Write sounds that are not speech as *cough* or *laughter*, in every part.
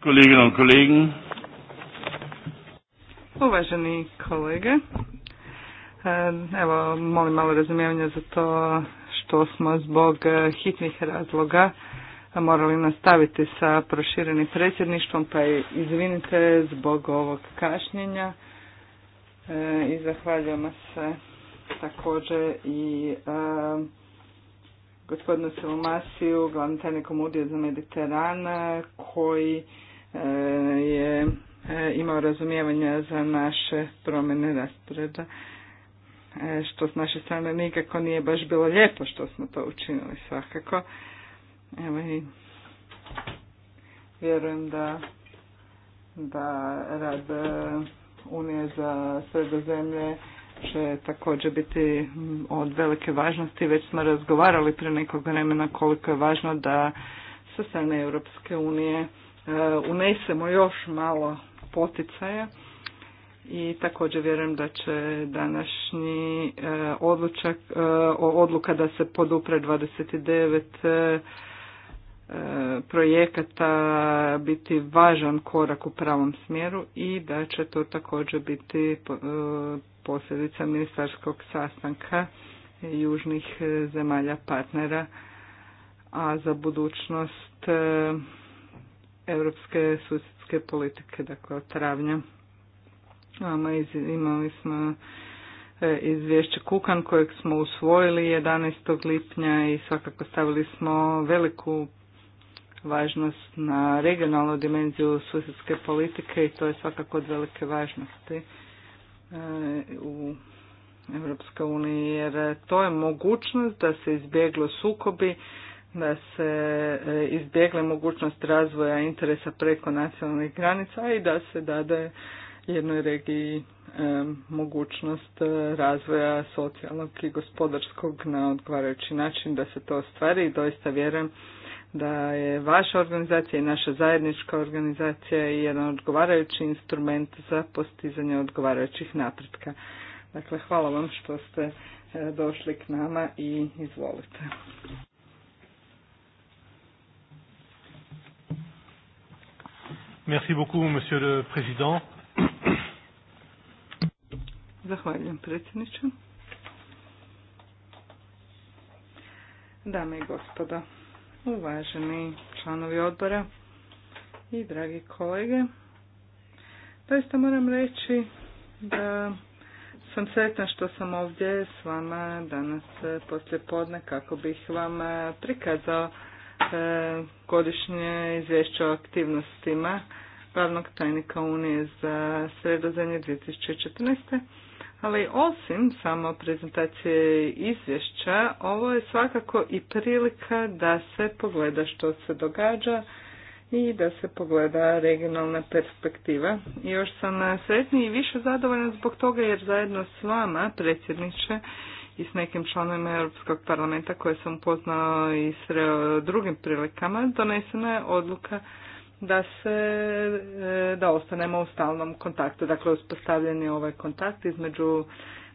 Kolleginnen und Uvaženi kolege, eh, evo molim malo razumijevanja za to što smo zbog eh, hitnih razloga morali nastaviti sa proširenim predsjedništvom, pa izvinite zbog ovog kašnjenja eh, i zahvaljujemo se također i gospodinu silomasiju glavnom tajnikom Udije za Mediteran, koji Eh, je eh, imao razumijevanja za naše promjene rasporeda, eh, što s naše strane nikako nije baš bilo lijepo što smo to učinili svakako. Evo i vjerujem da, da rad Unije za zemlje će također biti mm, od velike važnosti. Već smo razgovarali prije nekog vremena koliko je važno da sa strane Europske unije E, unesemo još malo poticaja i također vjerujem da će današnji e, e, odluka da se podupre 29 projekata biti važan korak u pravom smjeru i da će to također biti posljedica ministarskog sastanka južnih zemalja partnera, a za budućnost europske susjedske politike, dakle od travnja. Imali smo e, izvješće Kukan kojeg smo usvojili 11. lipnja i svakako stavili smo veliku važnost na regionalnu dimenziju susjedske politike i to je svakako od velike važnosti e, u Europskoj uniji jer to je mogućnost da se izbjeglo sukobi da se e, izbjegle mogućnost razvoja interesa preko nacionalnih granica i da se dade jednoj regiji e, mogućnost e, razvoja socijalnog i gospodarskog na odgovarajući način da se to ostvari i doista vjerujem da je vaša organizacija i naša zajednička organizacija i jedan odgovarajući instrument za postizanje odgovarajućih napretka. Dakle, hvala vam što ste došli k nama i izvolite. Merci beaucoup, monsieur le président. Zahvaljujem predsjedniče. Dame i gospoda, uvaženi članovi odbora i dragi kolege, doista moram reći da sam sretna što sam ovdje s vama danas poslje podne kako bih vam prikazao E, godišnje izvješće o aktivnostima glavnog tajnika Unije za sredozemlje 2014. Ali osim samo prezentacije izvješća, ovo je svakako i prilika da se pogleda što se događa i da se pogleda regionalna perspektiva. još sam sretniji i više zadovoljna zbog toga jer zajedno s vama, predsjedniče, i s nekim članovima Europskog parlamenta koje sam upoznao i s e, drugim prilikama, donesena je odluka da se, e, da ostanemo u stalnom kontaktu. Dakle, uspostavljen je ovaj kontakt između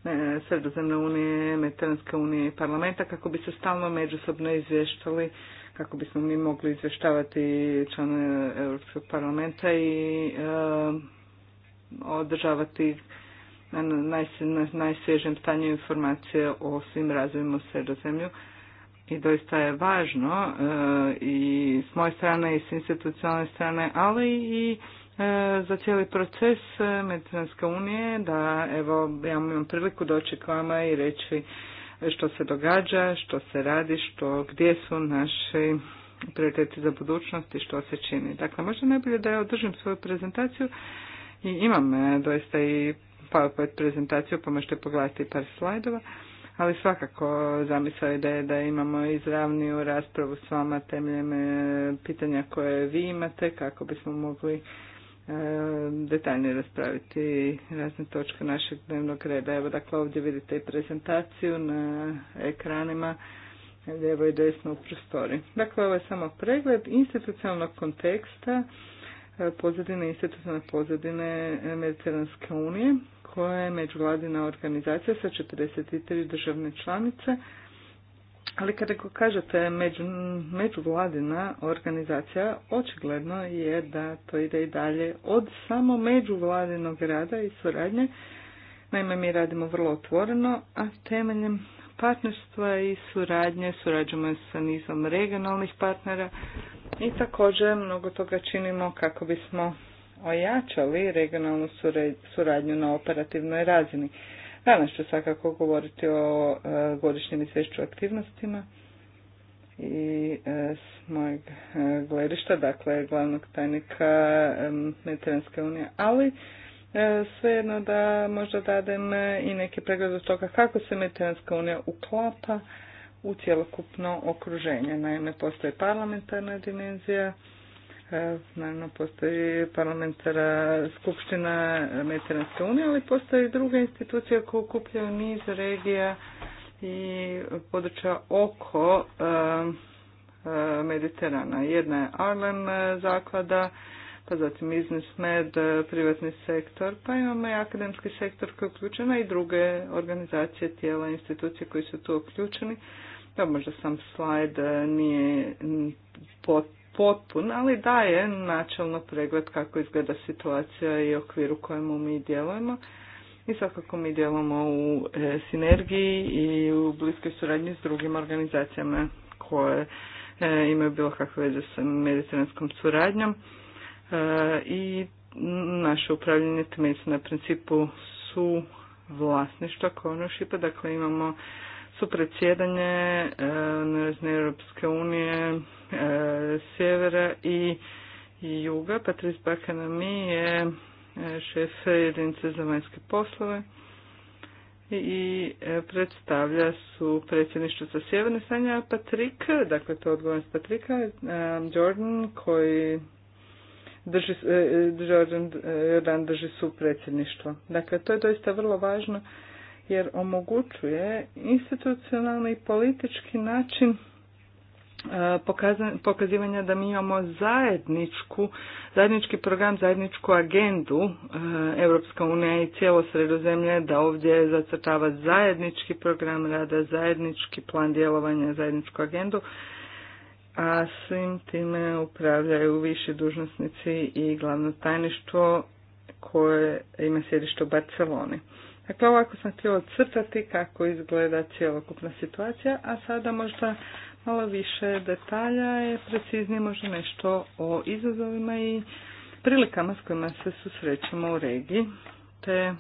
e, Sredozemne unije, Mediteranske unije i parlamenta kako bi se stalno međusobno izvještali kako bismo mi mogli izvještavati članove Europskog parlamenta i održavati na, naj, najsvježem stanju informacije o svim razvojima u sredozemlju i doista je važno e, i s moje strane i s institucionalne strane, ali i e, za cijeli proces e, Medicinske unije da evo ja imam priliku doći k vama i reći što se događa, što se radi, što, gdje su naši prioriteti za budućnost i što se čini. Dakle, možda najbolje da ja održim svoju prezentaciju i imam doista i PowerPoint prezentaciju pa možete pogledati par slajdova. Ali svakako zamisao je da da imamo izravniju raspravu s vama temeljem e, pitanja koje vi imate kako bismo mogli e, detaljnije raspraviti razne točke našeg dnevnog reda. Evo dakle ovdje vidite i prezentaciju na ekranima lijevo i desno u prostori. Dakle, ovo je samo pregled institucionalnog konteksta E, pozadine, institucionalne pozadine Mediteranske unije, koja je međuvladina organizacija sa 43 državne članice. Ali kada kažete među, međuvladina organizacija, očigledno je da to ide i dalje od samo međuvladinog rada i suradnje. Naime, mi radimo vrlo otvoreno, a temeljem partnerstva i suradnje, surađujemo sa nizom regionalnih partnera i također mnogo toga činimo kako bismo ojačali regionalnu suradnju na operativnoj razini. Danas ću svakako govoriti o e, godišnjem izvješću aktivnostima i e, s mojeg e, gledišta, dakle glavnog tajnika Mediteranske unije, ali E, svejedno da možda dadem e, i neki pregled od toga kako se Mediteranska unija uklapa u cjelokupno okruženje. Naime, postoji parlamentarna dimenzija, e, naravno postoji parlamentara skupština Mediteranske unije, ali postoji i institucija institucije koje niz regija i područja oko Mediterana. Jedna je Arlen zaklada, pa zatim Business Med, e, privatni sektor, pa imamo i akademski sektor koji je uključen, a i druge organizacije, tijela, institucije koji su tu uključeni. Da, možda sam slajd e, nije potpun, ali daje načelno pregled kako izgleda situacija i okvir u kojemu mi djelujemo. I svakako mi djelujemo u e, sinergiji i u bliskoj suradnji s drugim organizacijama koje imaju bilo kakve veze sa mediteranskom suradnjom. E, i naše upravljanje temeljice na principu su vlasništva konošipa, dakle imamo su predsjedanje e, na Europske unije e, sjevera i juga. Patrice Bakanami je šef jedinice za vanjske poslove i predstavlja su predsjedništvo sa sjeverne Sanja a Patrik, dakle to je odgovornost Patrika, Jordan koji drži, e, e, Jordan drži su predsjedništvo. Dakle, to je doista vrlo važno jer omogućuje institucionalni i politički način e, pokazivanja da mi imamo zajedničku, zajednički program, zajedničku agendu Europska unija i cijelo sredozemlje da ovdje zacrtava zajednički program rada, zajednički plan djelovanja, zajedničku agendu a svim time upravljaju viši dužnosnici i glavno tajništvo koje ima sjedište u Barceloni. Dakle, ovako sam htio odcrtati kako izgleda cjelokupna situacija, a sada možda malo više detalja i preciznije možda nešto o izazovima i prilikama s kojima se susrećemo u regiji, te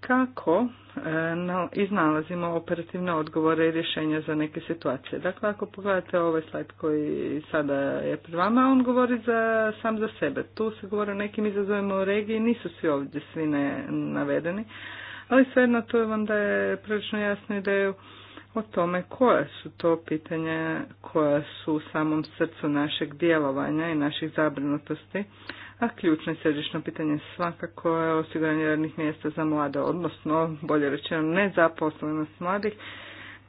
kako e, iznalazimo operativne odgovore i rješenja za neke situacije. Dakle, ako pogledate ovaj slajd koji sada je pred vama, on govori za, sam za sebe. Tu se govori o nekim izazovima u regiji, nisu svi ovdje svi ne, navedeni, ali svejedno to vam da je prilično jasnu ideju o tome koja su to pitanja koja su u samom srcu našeg djelovanja i naših zabrinutosti a ključno i središno pitanje svakako je osiguranje radnih mjesta za mlade, odnosno bolje rečeno nezaposlenost mladih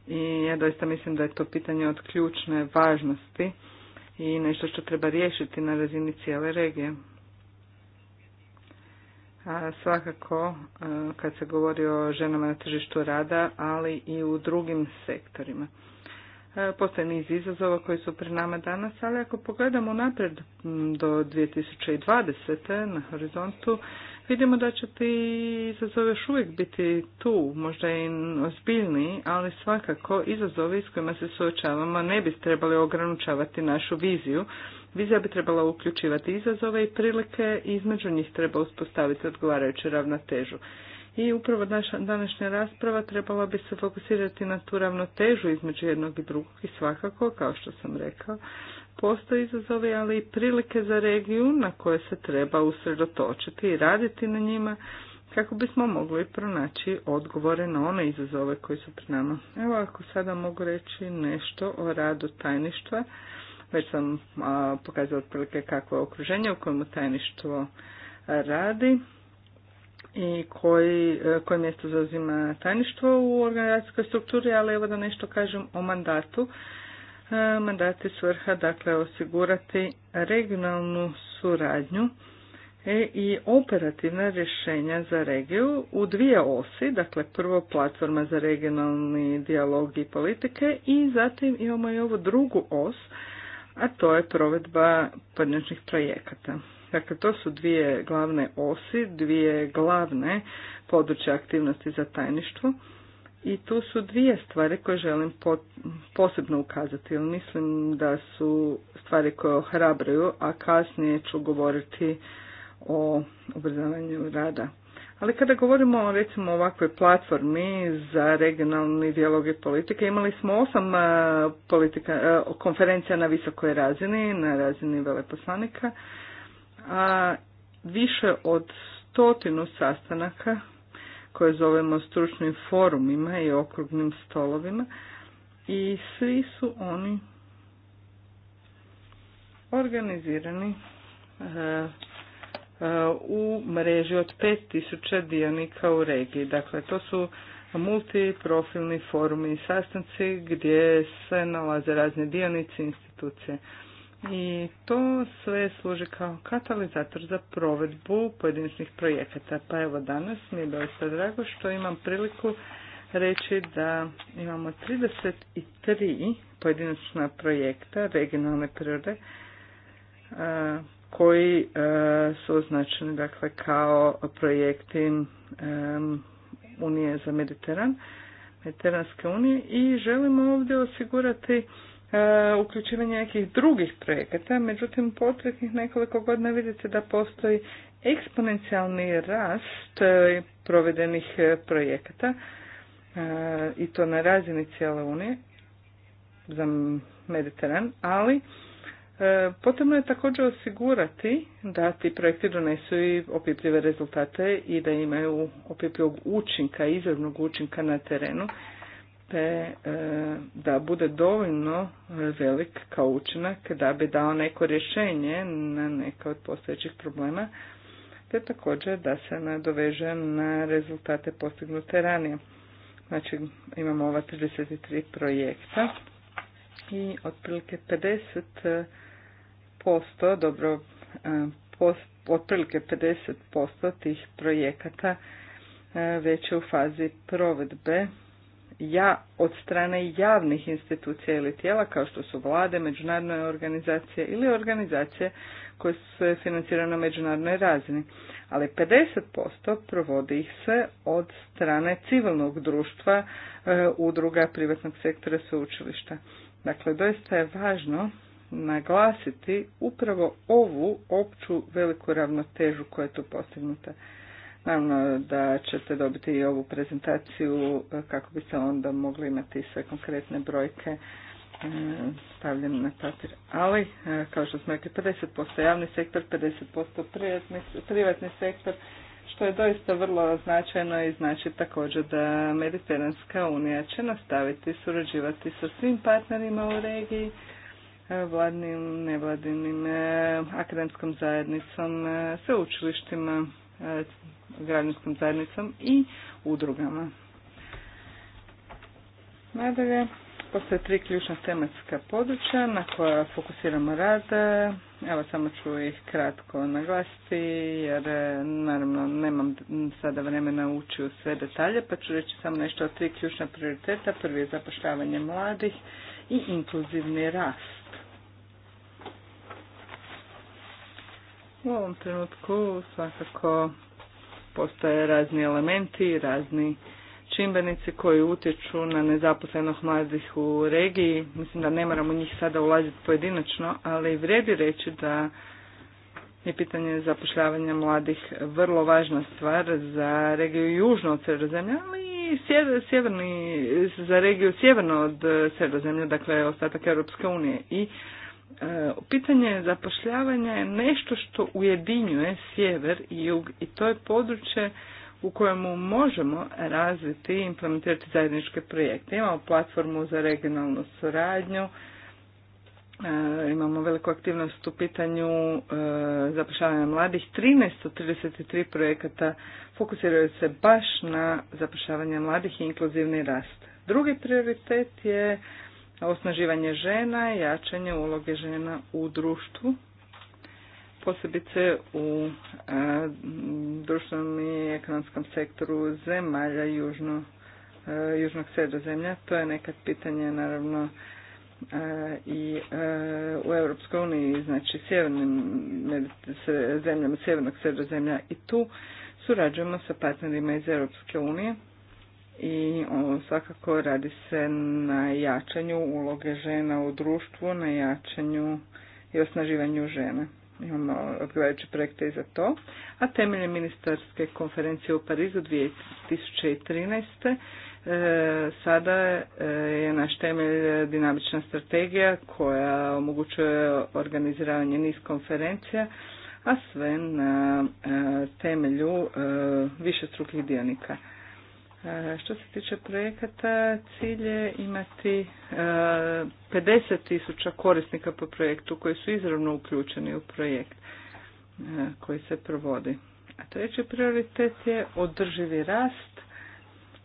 i ja doista mislim da je to pitanje od ključne važnosti i nešto što treba riješiti na razini cijele regije. A svakako e, kad se govori o ženama na tržištu rada, ali i u drugim sektorima. E, Postoje niz izazova koji su pred nama danas, ali ako pogledamo napred do 2020. na horizontu, vidimo da će ti izazovi još uvijek biti tu, možda i ozbiljniji, ali svakako izazovi s kojima se suočavamo ne bi trebali ograničavati našu viziju. Vizija bi trebala uključivati izazove i prilike i između njih treba uspostaviti odgovarajuću ravnotežu. I upravo naša današnja rasprava trebala bi se fokusirati na tu ravnotežu između jednog i drugog i svakako, kao što sam rekao, postoje izazovi, ali i prilike za regiju na koje se treba usredotočiti i raditi na njima kako bismo mogli pronaći odgovore na one izazove koji su pri nama. Evo ako sada mogu reći nešto o radu tajništva, već sam pokazala otprilike kakvo je okruženje u kojem tajništvo radi i koji, e, koje mjesto zauzima tajništvo u organizacijskoj strukturi, ali evo da nešto kažem o mandatu. E, mandat je svrha dakle osigurati regionalnu suradnju e, i operativna rješenja za regiju u dvije osi, dakle prvo platforma za regionalni dijalog i politike i zatim imamo i ovu drugu os, a to je provedba podnječnih projekata. Dakle, to su dvije glavne osi, dvije glavne područje aktivnosti za tajništvo. I tu su dvije stvari koje želim posebno ukazati, jer mislim da su stvari koje ohrabruju, a kasnije ću govoriti o ubrzavanju rada. Ali kada govorimo recimo o ovakvoj platformi za regionalni dijalog i politike, imali smo osam e, politika, e, konferencija na visokoj razini, na razini veleposlanika a više od stotinu sastanaka koje zovemo stručnim forumima i okrugnim stolovima i svi su oni organizirani e, e, u mreži od 5000 dionika u regiji. Dakle, to su multiprofilni forumi i sastanci gdje se nalaze razne dionici institucije i to sve služi kao katalizator za provedbu pojedinačnih projekata. Pa evo danas mi je doista drago što imam priliku reći da imamo 33 pojedinačna projekta regionalne prirode koji su označeni dakle kao projekti Unije za Mediteran, Mediteranske unije i želimo ovdje osigurati E, uključivanje nekih drugih projekata, međutim posljednjih nekoliko godina vidite da postoji eksponencijalni rast e, provedenih e, projekata i to na razini cijele Unije za Mediteran, ali potrebno je također osigurati da ti projekti donesu i opipljive rezultate i da imaju opipljivog učinka, izravnog učinka na terenu te e, da bude dovoljno velik kao učinak da bi dao neko rješenje na neka od postojećih problema, te također da se nadoveže na rezultate postignute ranije. Znači imamo ova 33 projekta i otprilike 50% dobro e, post, otprilike 50% tih projekata e, već je u fazi provedbe ja, od strane javnih institucija ili tijela kao što su vlade, međunarodne organizacije ili organizacije koje su financirane na međunarodnoj razini. Ali 50% provodi ih se od strane civilnog društva, e, udruga privatnog sektora sveučilišta. Dakle, doista je važno naglasiti upravo ovu opću veliku ravnotežu koja je tu postignuta. Naravno da ćete dobiti i ovu prezentaciju e, kako bi se onda mogli imati sve konkretne brojke e, stavljene na papir. Ali, e, kao što smo rekli, 50% javni sektor, 50% privatni, privatni sektor, što je doista vrlo značajno i znači također da Mediteranska unija će nastaviti surađivati sa svim partnerima u regiji, vladnim, nevladinim, akademskom zajednicom, sveučilištima, E, građanskom zajednicom i udrugama. Nadalje, postoje tri ključna tematska područja na koja fokusiramo rad. Evo samo ću ih kratko naglasiti jer e, naravno nemam sada vremena ući u sve detalje pa ću reći samo nešto o tri ključna prioriteta. Prvi je zapošljavanje mladih i inkluzivni rast. U ovom trenutku svakako postoje razni elementi, razni čimbenici koji utječu na nezaposlenost mladih u regiji. Mislim da ne moramo njih sada ulaziti pojedinačno, ali vredi reći da je pitanje zapošljavanja mladih vrlo važna stvar za regiju južno od sredozemlja, ali i sjeverni, za regiju sjeverno od sredozemlja, dakle ostatak Europske unije. I E, pitanje zapošljavanja je nešto što ujedinjuje sjever i jug i to je područje u kojemu možemo razviti i implementirati zajedničke projekte. Imamo platformu za regionalnu suradnju, e, imamo veliku aktivnost u pitanju e, zapošljavanja mladih. 1333 projekata fokusiraju se baš na zapošljavanje mladih i inkluzivni rast. Drugi prioritet je osnaživanje žena, jačanje uloge žena u društvu, posebice u e, društvenom i ekonomskom sektoru zemalja južno, e, južnog sredozemlja. To je nekad pitanje naravno e, i u Europskoj uniji, znači sjevernim zemljama, sjevernog sredozemlja i tu surađujemo sa partnerima iz Europske unije i svakako radi se na jačanju uloge žena u društvu, na jačanju i osnaživanju žena. Imamo odgovarajuće projekte i za to. A temeljem ministarske konferencije u Parizu 2013. E, sada e, je naš temelj dinamična strategija koja omogućuje organiziranje niz konferencija, a sve na e, temelju višestrukih više strukih dionika. E, što se tiče projekata, cilj je imati 50 e, tisuća korisnika po projektu koji su izravno uključeni u projekt e, koji se provodi. A treći prioritet je održivi rast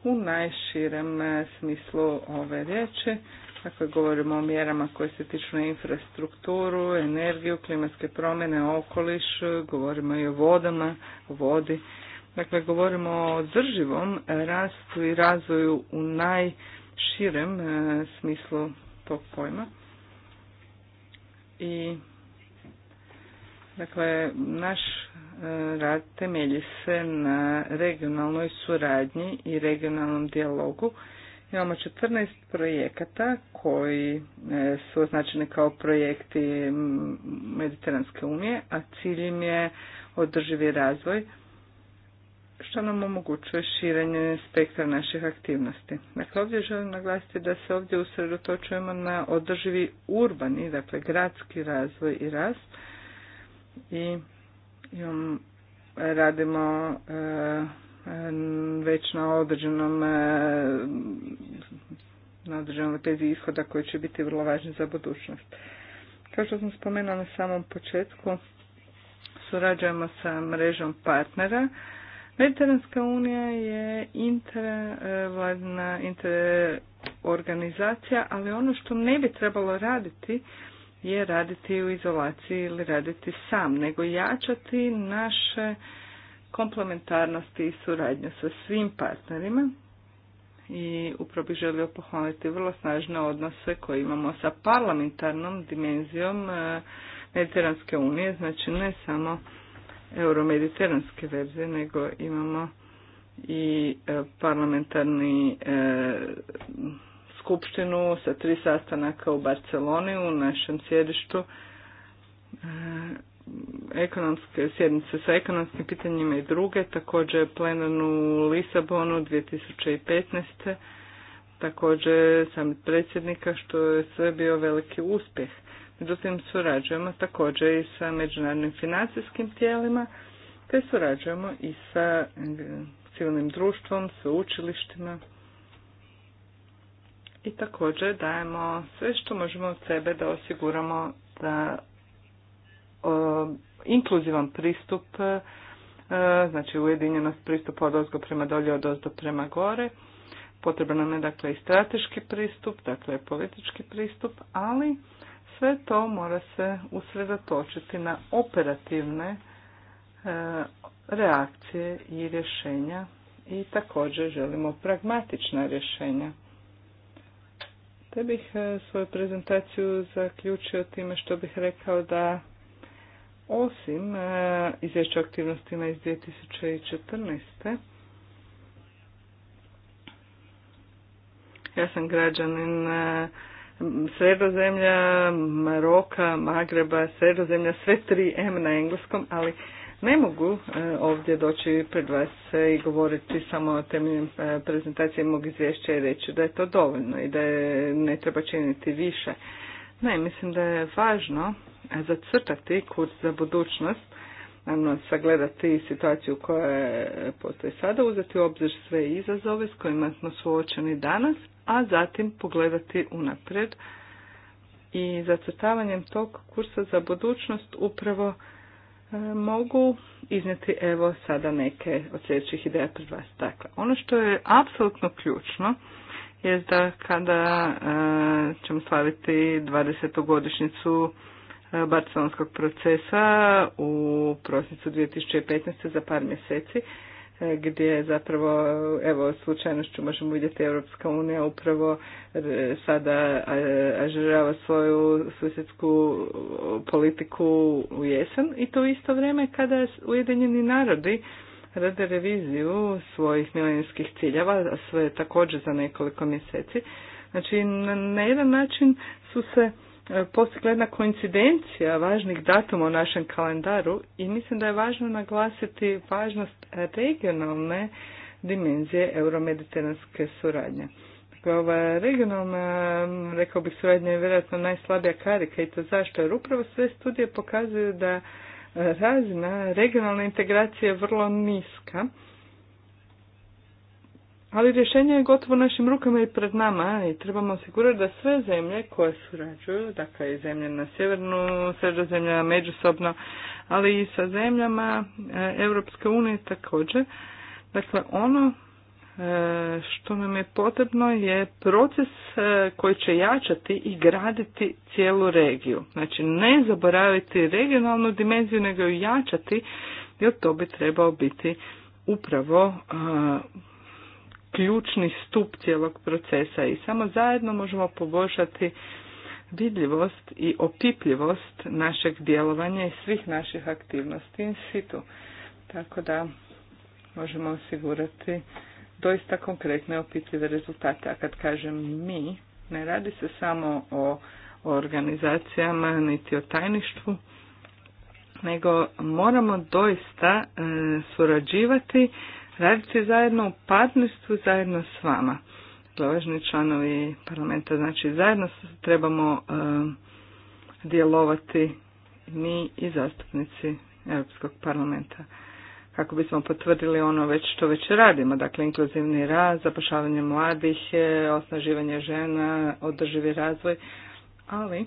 u najširem smislu ove riječi. Dakle, govorimo o mjerama koje se tiču na infrastrukturu, energiju, klimatske promjene, okoliš, govorimo i o vodama, o vodi Dakle, govorimo o održivom rastu i razvoju u najširem e, smislu tog pojma. I Dakle, naš e, rad temelji se na regionalnoj suradnji i regionalnom dijalogu. Imamo 14 projekata koji e, su označeni kao projekti Mediteranske unije, a cilj im je održivi razvoj što nam omogućuje širenje spektra naših aktivnosti. Dakle, ovdje želim naglasiti da se ovdje usredotočujemo na održivi urbani, dakle gradski razvoj i rast i e, radimo e, e, već na određenom na određenom tezi ishoda koji će biti vrlo važni za budućnost. Kao što sam spomenula na samom početku, surađujemo sa mrežom partnera Mediteranska unija je intervladna organizacija, ali ono što ne bi trebalo raditi je raditi u izolaciji ili raditi sam, nego jačati naše komplementarnosti i suradnju sa svim partnerima. I upravo bih želio pohvaliti vrlo snažne odnose koje imamo sa parlamentarnom dimenzijom eh, Mediteranske unije, znači ne samo euromediteranske verzije, nego imamo i e, parlamentarni e, skupštinu sa tri sastanaka u Barceloni u našem sjedištu e, ekonomske sjednice sa ekonomskim pitanjima i druge, također plenarnu u Lisabonu 2015. Također sam predsjednika što je sve bio veliki uspjeh. Međutim, surađujemo također i sa međunarodnim financijskim tijelima, te surađujemo i sa eh, civilnim društvom, sa učilištima. I također dajemo sve što možemo od sebe da osiguramo da eh, inkluzivan pristup, eh, znači ujedinjenost pristupa od ozgo prema dolje, od ozdo prema gore. potrebno nam je dakle i strateški pristup, dakle politički pristup, ali sve to mora se usredotočiti na operativne e, reakcije i rješenja i također želimo pragmatična rješenja. Te bih e, svoju prezentaciju zaključio time što bih rekao da osim e, izvješća aktivnostima iz 2014. Ja sam građanin sredozemlja, Maroka, Magreba, sredozemlja, sve tri M na engleskom, ali ne mogu e, ovdje doći pred vas i govoriti samo o temeljem e, prezentacije mog izvješća i reći da je to dovoljno i da je ne treba činiti više. Ne, mislim da je važno e, zacrtati kurs za budućnost, naravno sagledati situaciju koja postoji sada, uzeti u obzir sve izazove s kojima smo suočeni danas a zatim pogledati unaprijed i zacrtavanjem tog kursa za budućnost upravo e, mogu iznijeti evo sada neke od sljedećih ideja pred vas. Dakle, ono što je apsolutno ključno je da kada e, ćemo slaviti 20. godišnjicu e, barcelonskog procesa u prosincu 2015. za par mjeseci, gdje zapravo, evo, slučajnošću možemo vidjeti Europska unija upravo e, sada ažurava svoju susjedsku politiku u jesen i to u isto vrijeme kada Ujedinjeni narodi rade reviziju svojih milenijskih ciljeva, a sve također za nekoliko mjeseci. Znači, na jedan način su se E, postigledna jedna koincidencija važnih datuma u našem kalendaru i mislim da je važno naglasiti važnost regionalne dimenzije euromediteranske suradnje. Dakle, ova regionalna, mm, rekao bih, suradnja je vjerojatno najslabija karika i to zašto? Jer upravo sve studije pokazuju da razina regionalne integracije je vrlo niska ali rješenje je gotovo našim rukama i pred nama i trebamo osigurati da sve zemlje koje surađuju, dakle i zemlje na sjevernu, zemlja međusobno, ali i sa zemljama eh, Europske unije također, dakle ono eh, što nam je potrebno je proces eh, koji će jačati i graditi cijelu regiju. Znači ne zaboraviti regionalnu dimenziju nego ju jačati jer to bi trebao biti upravo ključni stup cijelog procesa i samo zajedno možemo poboljšati vidljivost i opipljivost našeg djelovanja i svih naših aktivnosti in situ. Tako da možemo osigurati doista konkretne opipljive rezultate. A kad kažem mi, ne radi se samo o, organizacijama niti o tajništvu, nego moramo doista e, surađivati raditi zajedno u partnerstvu zajedno s vama. Gledažni dakle, članovi parlamenta, znači zajedno trebamo eh, djelovati mi i zastupnici Europskog parlamenta kako bismo potvrdili ono već što već radimo, dakle inkluzivni rad, zapošljavanje mladih, eh, osnaživanje žena, održivi razvoj, ali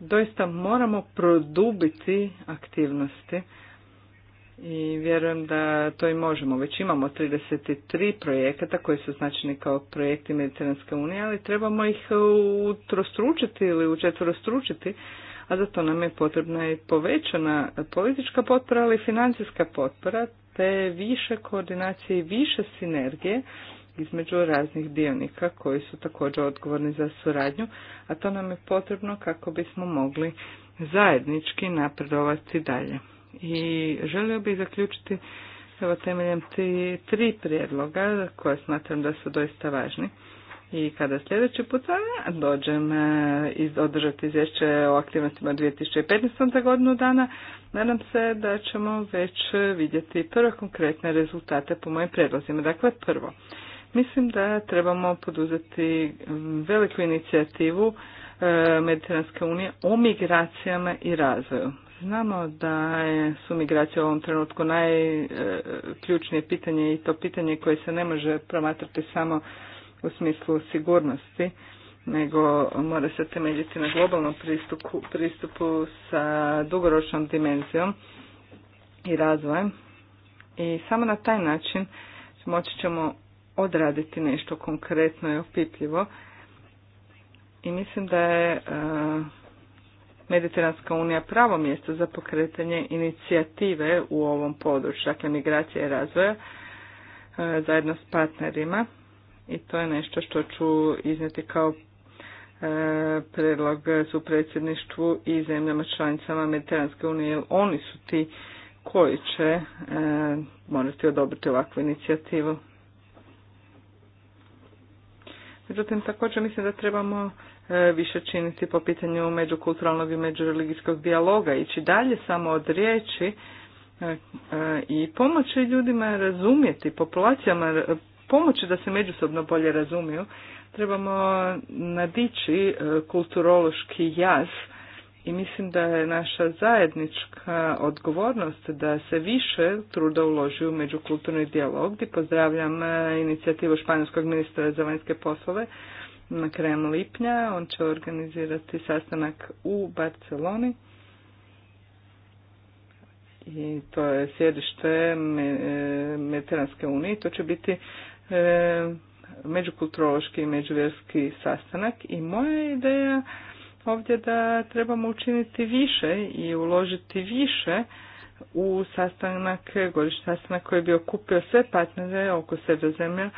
doista moramo produbiti aktivnosti i vjerujem da to i možemo. Već imamo 33 projekata koji su značeni kao projekti Mediteranske unije, ali trebamo ih utrostručiti ili učetvorostručiti, a za to nam je potrebna i povećana politička potpora, ali i financijska potpora, te više koordinacije i više sinergije između raznih dionika koji su također odgovorni za suradnju, a to nam je potrebno kako bismo mogli zajednički napredovati dalje. I želio bih zaključiti evo temeljem ti tri prijedloga koje smatram da su doista važni. I kada sljedeći put dođem e, iz, održati izvješće o aktivnostima 2015. godinu dana, nadam se da ćemo već vidjeti prve konkretne rezultate po mojim predlozima. Dakle, prvo, mislim da trebamo poduzeti veliku inicijativu e, Mediteranske unije o migracijama i razvoju. Znamo da je, su migracije u ovom trenutku najključnije e, pitanje i to pitanje koje se ne može promatrati samo u smislu sigurnosti, nego mora se temeljiti na globalnom pristupu, pristupu sa dugoročnom dimenzijom i razvojem. I samo na taj način moći ćemo odraditi nešto konkretno i opipljivo. I mislim da je Mediteranska unija pravo mjesto za pokretanje inicijative u ovom području, dakle migracije i razvoja, e, zajedno s partnerima i to je nešto što ću iznijeti kao e, predlog su predsjedništvu i zemljama članicama Mediteranske unije, jer oni su ti koji će e, morati odobriti ovakvu inicijativu. Međutim, također mislim da trebamo E, više činiti po pitanju međukulturalnog i međureligijskog dijaloga, ići dalje samo od riječi e, e, i pomoći ljudima razumjeti, populacijama pomoći da se međusobno bolje razumiju, trebamo nadići kulturološki jaz i mislim da je naša zajednička odgovornost da se više truda uloži u međukulturni dijalog gdje pozdravljam inicijativu Španjolskog ministra za vanjske poslove na krajem lipnja. On će organizirati sastanak u Barceloni. I to je sjedište e, Mediteranske unije. To će biti e, međukulturološki i međuvjerski sastanak. I moja ideja ovdje da trebamo učiniti više i uložiti više u sastanak, godišnji sastanak koji bi okupio sve partnere oko sebe zemlja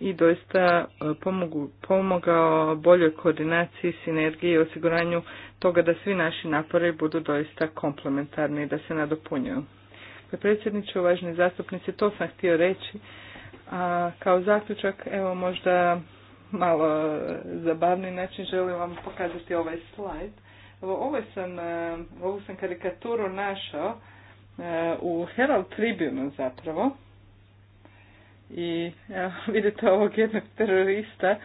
i doista e, pomogao boljoj koordinaciji, sinergiji i osiguranju toga da svi naši napori budu doista komplementarni i da se nadopunjuju. Predsjedniče, uvaženi zastupnici, to sam htio reći. A, kao zaključak, evo možda malo e, zabavni način želim vam pokazati ovaj slajd. Evo, ovo sam, e, ovu sam karikaturu našao u Herald Tribune zapravo i evo, *laughs* vidite ovog jednog terorista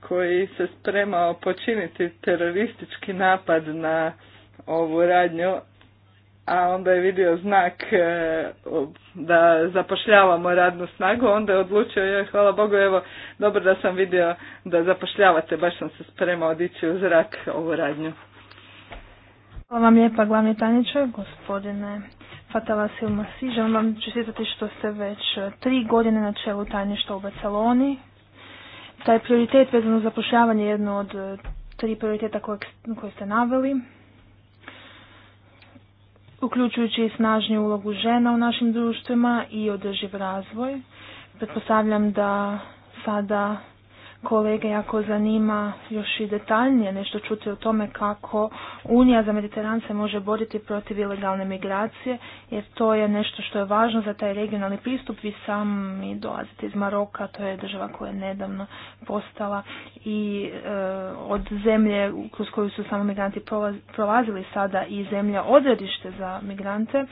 koji se spremao počiniti teroristički napad na ovu radnju, a onda je vidio znak e, da zapošljavamo radnu snagu, onda je odlučio, je, hvala Bogu, evo, dobro da sam vidio da zapošljavate, baš sam se spremao odići u zrak ovu radnju. Hvala vam lijepa, glavni tajniče, gospodine Fatala Silmasi, želim vam čestitati što ste već e, tri godine na čelu tajništva u Barceloni. Taj prioritet vezano za zapošljavanje je jedno od e, tri prioriteta koje, koje ste naveli, uključujući i snažnju ulogu žena u našim društvima i održiv razvoj. Pretpostavljam da sada kolege jako zanima još i detaljnije nešto čuti o tome kako Unija za Mediterance može boriti protiv ilegalne migracije, jer to je nešto što je važno za taj regionalni pristup. Vi sami dolazite iz Maroka, to je država koja je nedavno postala i e, od zemlje kroz koju su samo migranti prolazili sada i zemlja odredište za migrante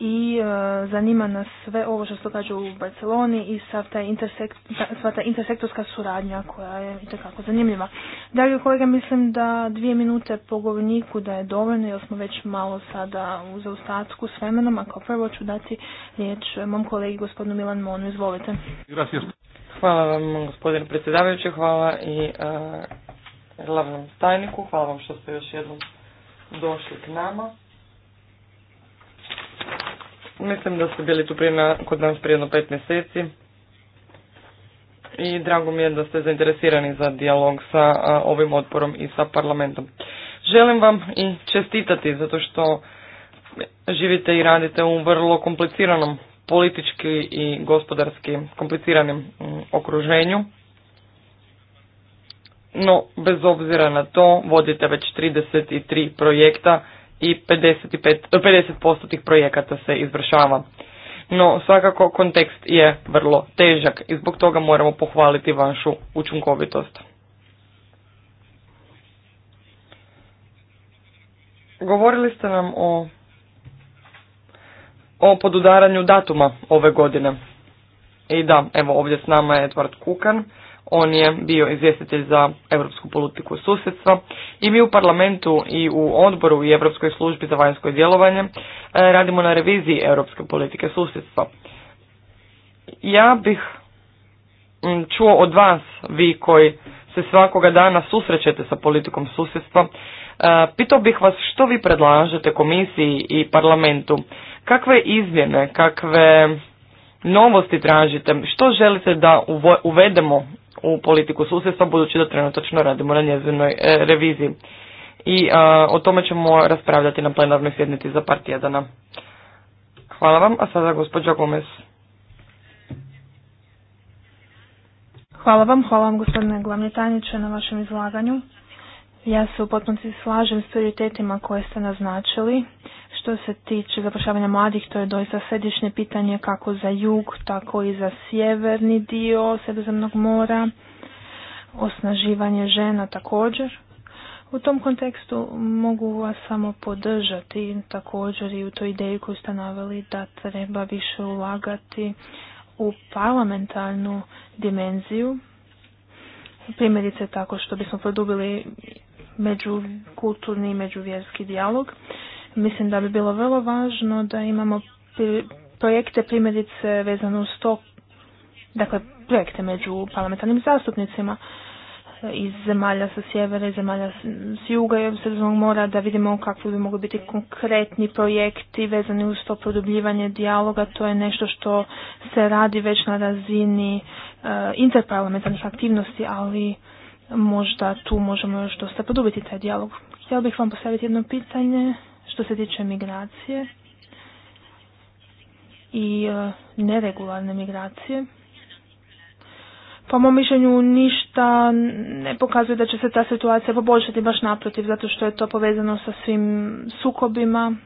i e, zanima nas sve ovo što se događa u Barceloni i sav sva ta intersektorska suradnja koja je itekako zanimljiva. Dragi kolega, mislim da dvije minute po govorniku da je dovoljno jer smo već malo sada u zaostatku s vremenom, a kao prvo ću dati riječ mom kolegi gospodinu Milan Monu. Izvolite. Hvala vam gospodine predsjedavajući, hvala i e, glavnom tajniku, hvala vam što ste još jednom došli k nama. Mislim da ste bili tu prije kod nas prije jedno pet mjeseci i drago mi je da ste zainteresirani za dijalog sa ovim odporom i sa parlamentom. Želim vam i čestitati zato što živite i radite u vrlo kompliciranom politički i gospodarski kompliciranim mm, okruženju. No, bez obzira na to, vodite već 33 projekta i 55, 50% e, tih projekata se izvršava. No, svakako kontekst je vrlo težak i zbog toga moramo pohvaliti vašu učinkovitost. Govorili ste nam o, o podudaranju datuma ove godine. I da, evo ovdje s nama je Edward Kukan on je bio izvjestitelj za europsku politiku susjedstva i mi u parlamentu i u odboru i Europskoj službi za vanjsko djelovanje e, radimo na reviziji europske politike susjedstva. Ja bih čuo od vas, vi koji se svakoga dana susrećete sa politikom susjedstva, e, pitao bih vas što vi predlažete komisiji i parlamentu, kakve izmjene, kakve novosti tražite, što želite da uvedemo u politiku susjedstva budući da trenutačno radimo na njezinoj e, reviziji. I o tome ćemo raspravljati na plenarnoj sjednici za par tjedana. Hvala vam, a sada gospođa Gomez. Hvala vam, hvala vam gospodine na vašem izlaganju. Ja se u potpunosti slažem s prioritetima koje ste naznačili što se tiče zapošljavanja mladih, to je doista središnje pitanje kako za jug, tako i za sjeverni dio Sredozemnog mora, osnaživanje žena također. U tom kontekstu mogu vas samo podržati također i u toj ideji koju ste naveli da treba više ulagati u parlamentarnu dimenziju. Primjerice tako što bismo produbili međukulturni i međuvjerski dijalog. Mislim da bi bilo vrlo važno da imamo projekte primjerice vezano uz to, dakle projekte među parlamentarnim zastupnicima e, iz zemalja sa sjevera i zemalja s juga i sredozemnog mora da vidimo kakvi bi mogli biti konkretni projekti vezani uz to produbljivanje dijaloga. To je nešto što se radi već na razini e, interparlamentarnih aktivnosti, ali možda tu možemo još dosta produbiti taj dijalog. Htjela bih vam postaviti jedno pitanje što se tiče migracije i e, neregularne migracije, po mom mišljenju ništa ne pokazuje da će se ta situacija poboljšati baš naprotiv, zato što je to povezano sa svim sukobima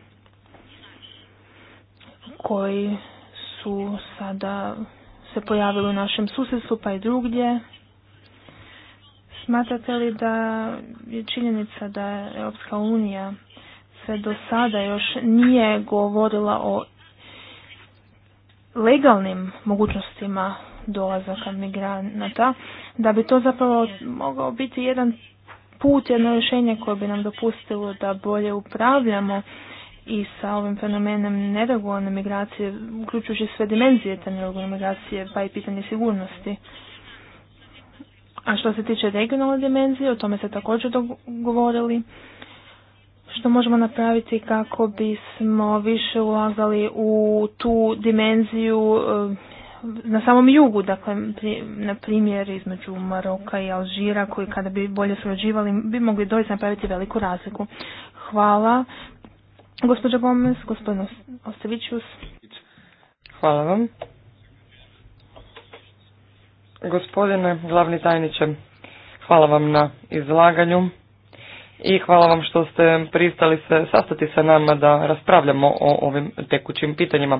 koji su sada se pojavili u našem susjedstvu pa i drugdje. Smatrate li da je činjenica da Europska unija se do sada još nije govorila o legalnim mogućnostima dolazaka migranata, da bi to zapravo mogao biti jedan put, jedno rješenje koje bi nam dopustilo da bolje upravljamo i sa ovim fenomenom neregulane migracije, uključujući sve dimenzije te migracije, pa i pitanje sigurnosti. A što se tiče regionalne dimenzije, o tome se također dogovorili što možemo napraviti kako bismo više ulagali u tu dimenziju eh, na samom jugu, dakle na primjer između Maroka i Alžira koji kada bi bolje surađivali bi mogli doista napraviti veliku razliku. Hvala. Gospođa Gomez, gospodin Ostevićus. Hvala vam. Gospodine glavni tajniče, hvala vam na izlaganju i hvala vam što ste pristali se sastati sa nama da raspravljamo o ovim tekućim pitanjima.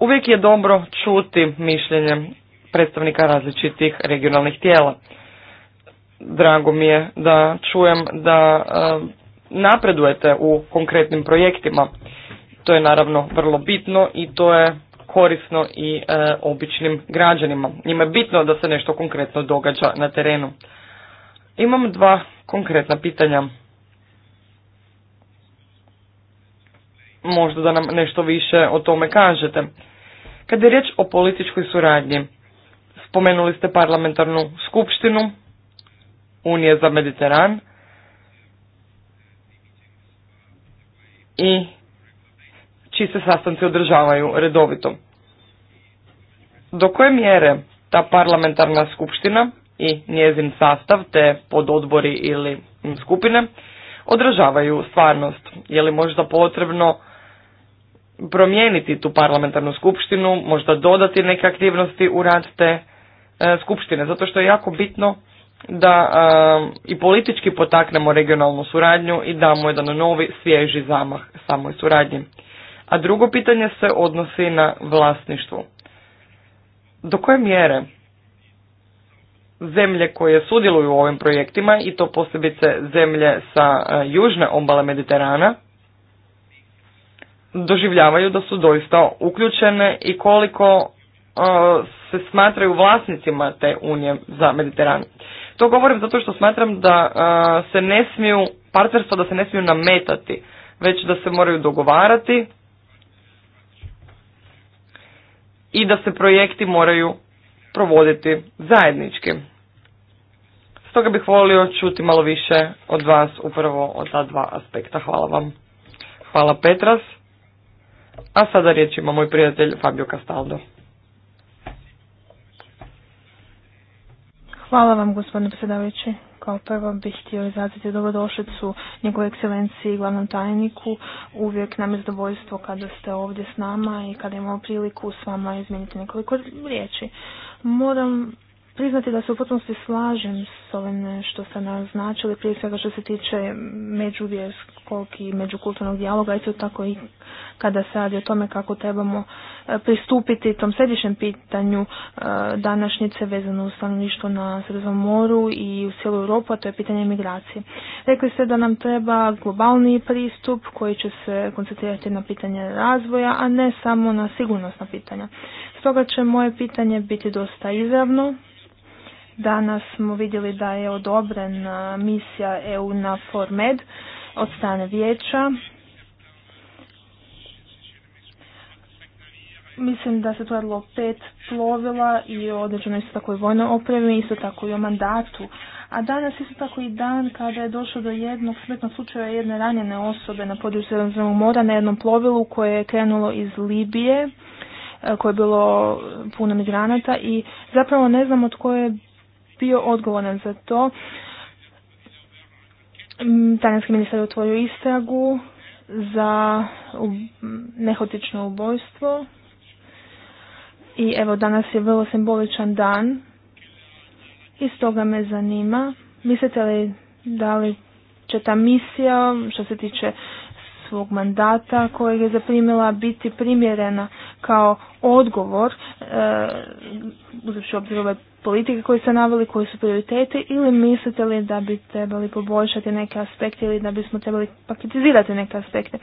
Uvijek je dobro čuti mišljenje predstavnika različitih regionalnih tijela. Drago mi je da čujem da e, napredujete u konkretnim projektima. To je naravno vrlo bitno i to je korisno i e, običnim građanima. Njima je bitno da se nešto konkretno događa na terenu. Imam dva konkretna pitanja. Možda da nam nešto više o tome kažete. Kad je riječ o političkoj suradnji, spomenuli ste parlamentarnu skupštinu Unije za Mediteran i čiji se sastanci održavaju redovito. Do koje mjere ta parlamentarna skupština i njezin sastav te pododbori ili skupine odražavaju stvarnost. Je li možda potrebno promijeniti tu parlamentarnu skupštinu, možda dodati neke aktivnosti u rad te e, skupštine, zato što je jako bitno da e, i politički potaknemo regionalnu suradnju i damo jedan novi svježi zamah samoj suradnji. A drugo pitanje se odnosi na vlasništvo. Do koje mjere zemlje koje sudjeluju u ovim projektima i to posebice zemlje sa e, južne obale Mediterana doživljavaju da su doista uključene i koliko e, se smatraju vlasnicima te unije za Mediteran. To govorim zato što smatram da e, se ne smiju, partnerstva da se ne smiju nametati, već da se moraju dogovarati i da se projekti moraju provoditi zajednički. Stoga bih volio čuti malo više od vas upravo od ta dva aspekta. Hvala vam. Hvala Petras. A sada riječ ima moj prijatelj Fabio Castaldo. Hvala vam gospodine predsjedavajući. Kao prvo bih htio izraziti dobrodošlicu njegove ekscelenciji i glavnom tajniku. Uvijek nam je zadovoljstvo kada ste ovdje s nama i kada imamo priliku s vama izmijeniti nekoliko riječi. Moram priznati da se u potpunosti slažem s ovim što ste naznačili, prije svega što se tiče međuvjerskog i međukulturnog dijaloga, isto tako i kada se radi o tome kako trebamo e, pristupiti tom središnjem pitanju e, današnjice vezano u stanovništvo na Sredozom moru i u cijelu Europu, a to je pitanje migracije. Rekli ste da nam treba globalni pristup koji će se koncentrirati na pitanje razvoja, a ne samo na sigurnosna pitanja. Stoga će moje pitanje biti dosta izravno, Danas smo vidjeli da je odobrena misija EU na Formed od strane vijeća. Mislim da se to radilo pet plovila i o određenoj isto tako i vojnoj opremi, isto tako i o mandatu. A danas isto tako i dan kada je došlo do jednog smetnog slučaja jedne ranjene osobe na području Sredozemnog mora na jednom plovilu koje je krenulo iz Libije e, koje je bilo puno migranata i zapravo ne znamo tko je bio odgovoran za to. Mm, talijanski ministar je otvorio istragu za nehotično ubojstvo i evo danas je vrlo simboličan dan i stoga me zanima mislite li da li će ta misija što se tiče svog mandata kojeg je zaprimila biti primjerena kao odgovor e, uzavši obzir politike koje ste naveli, koji su prioriteti ili mislite li da bi trebali poboljšati neke aspekte ili da bismo trebali paketizirati neke aspekte.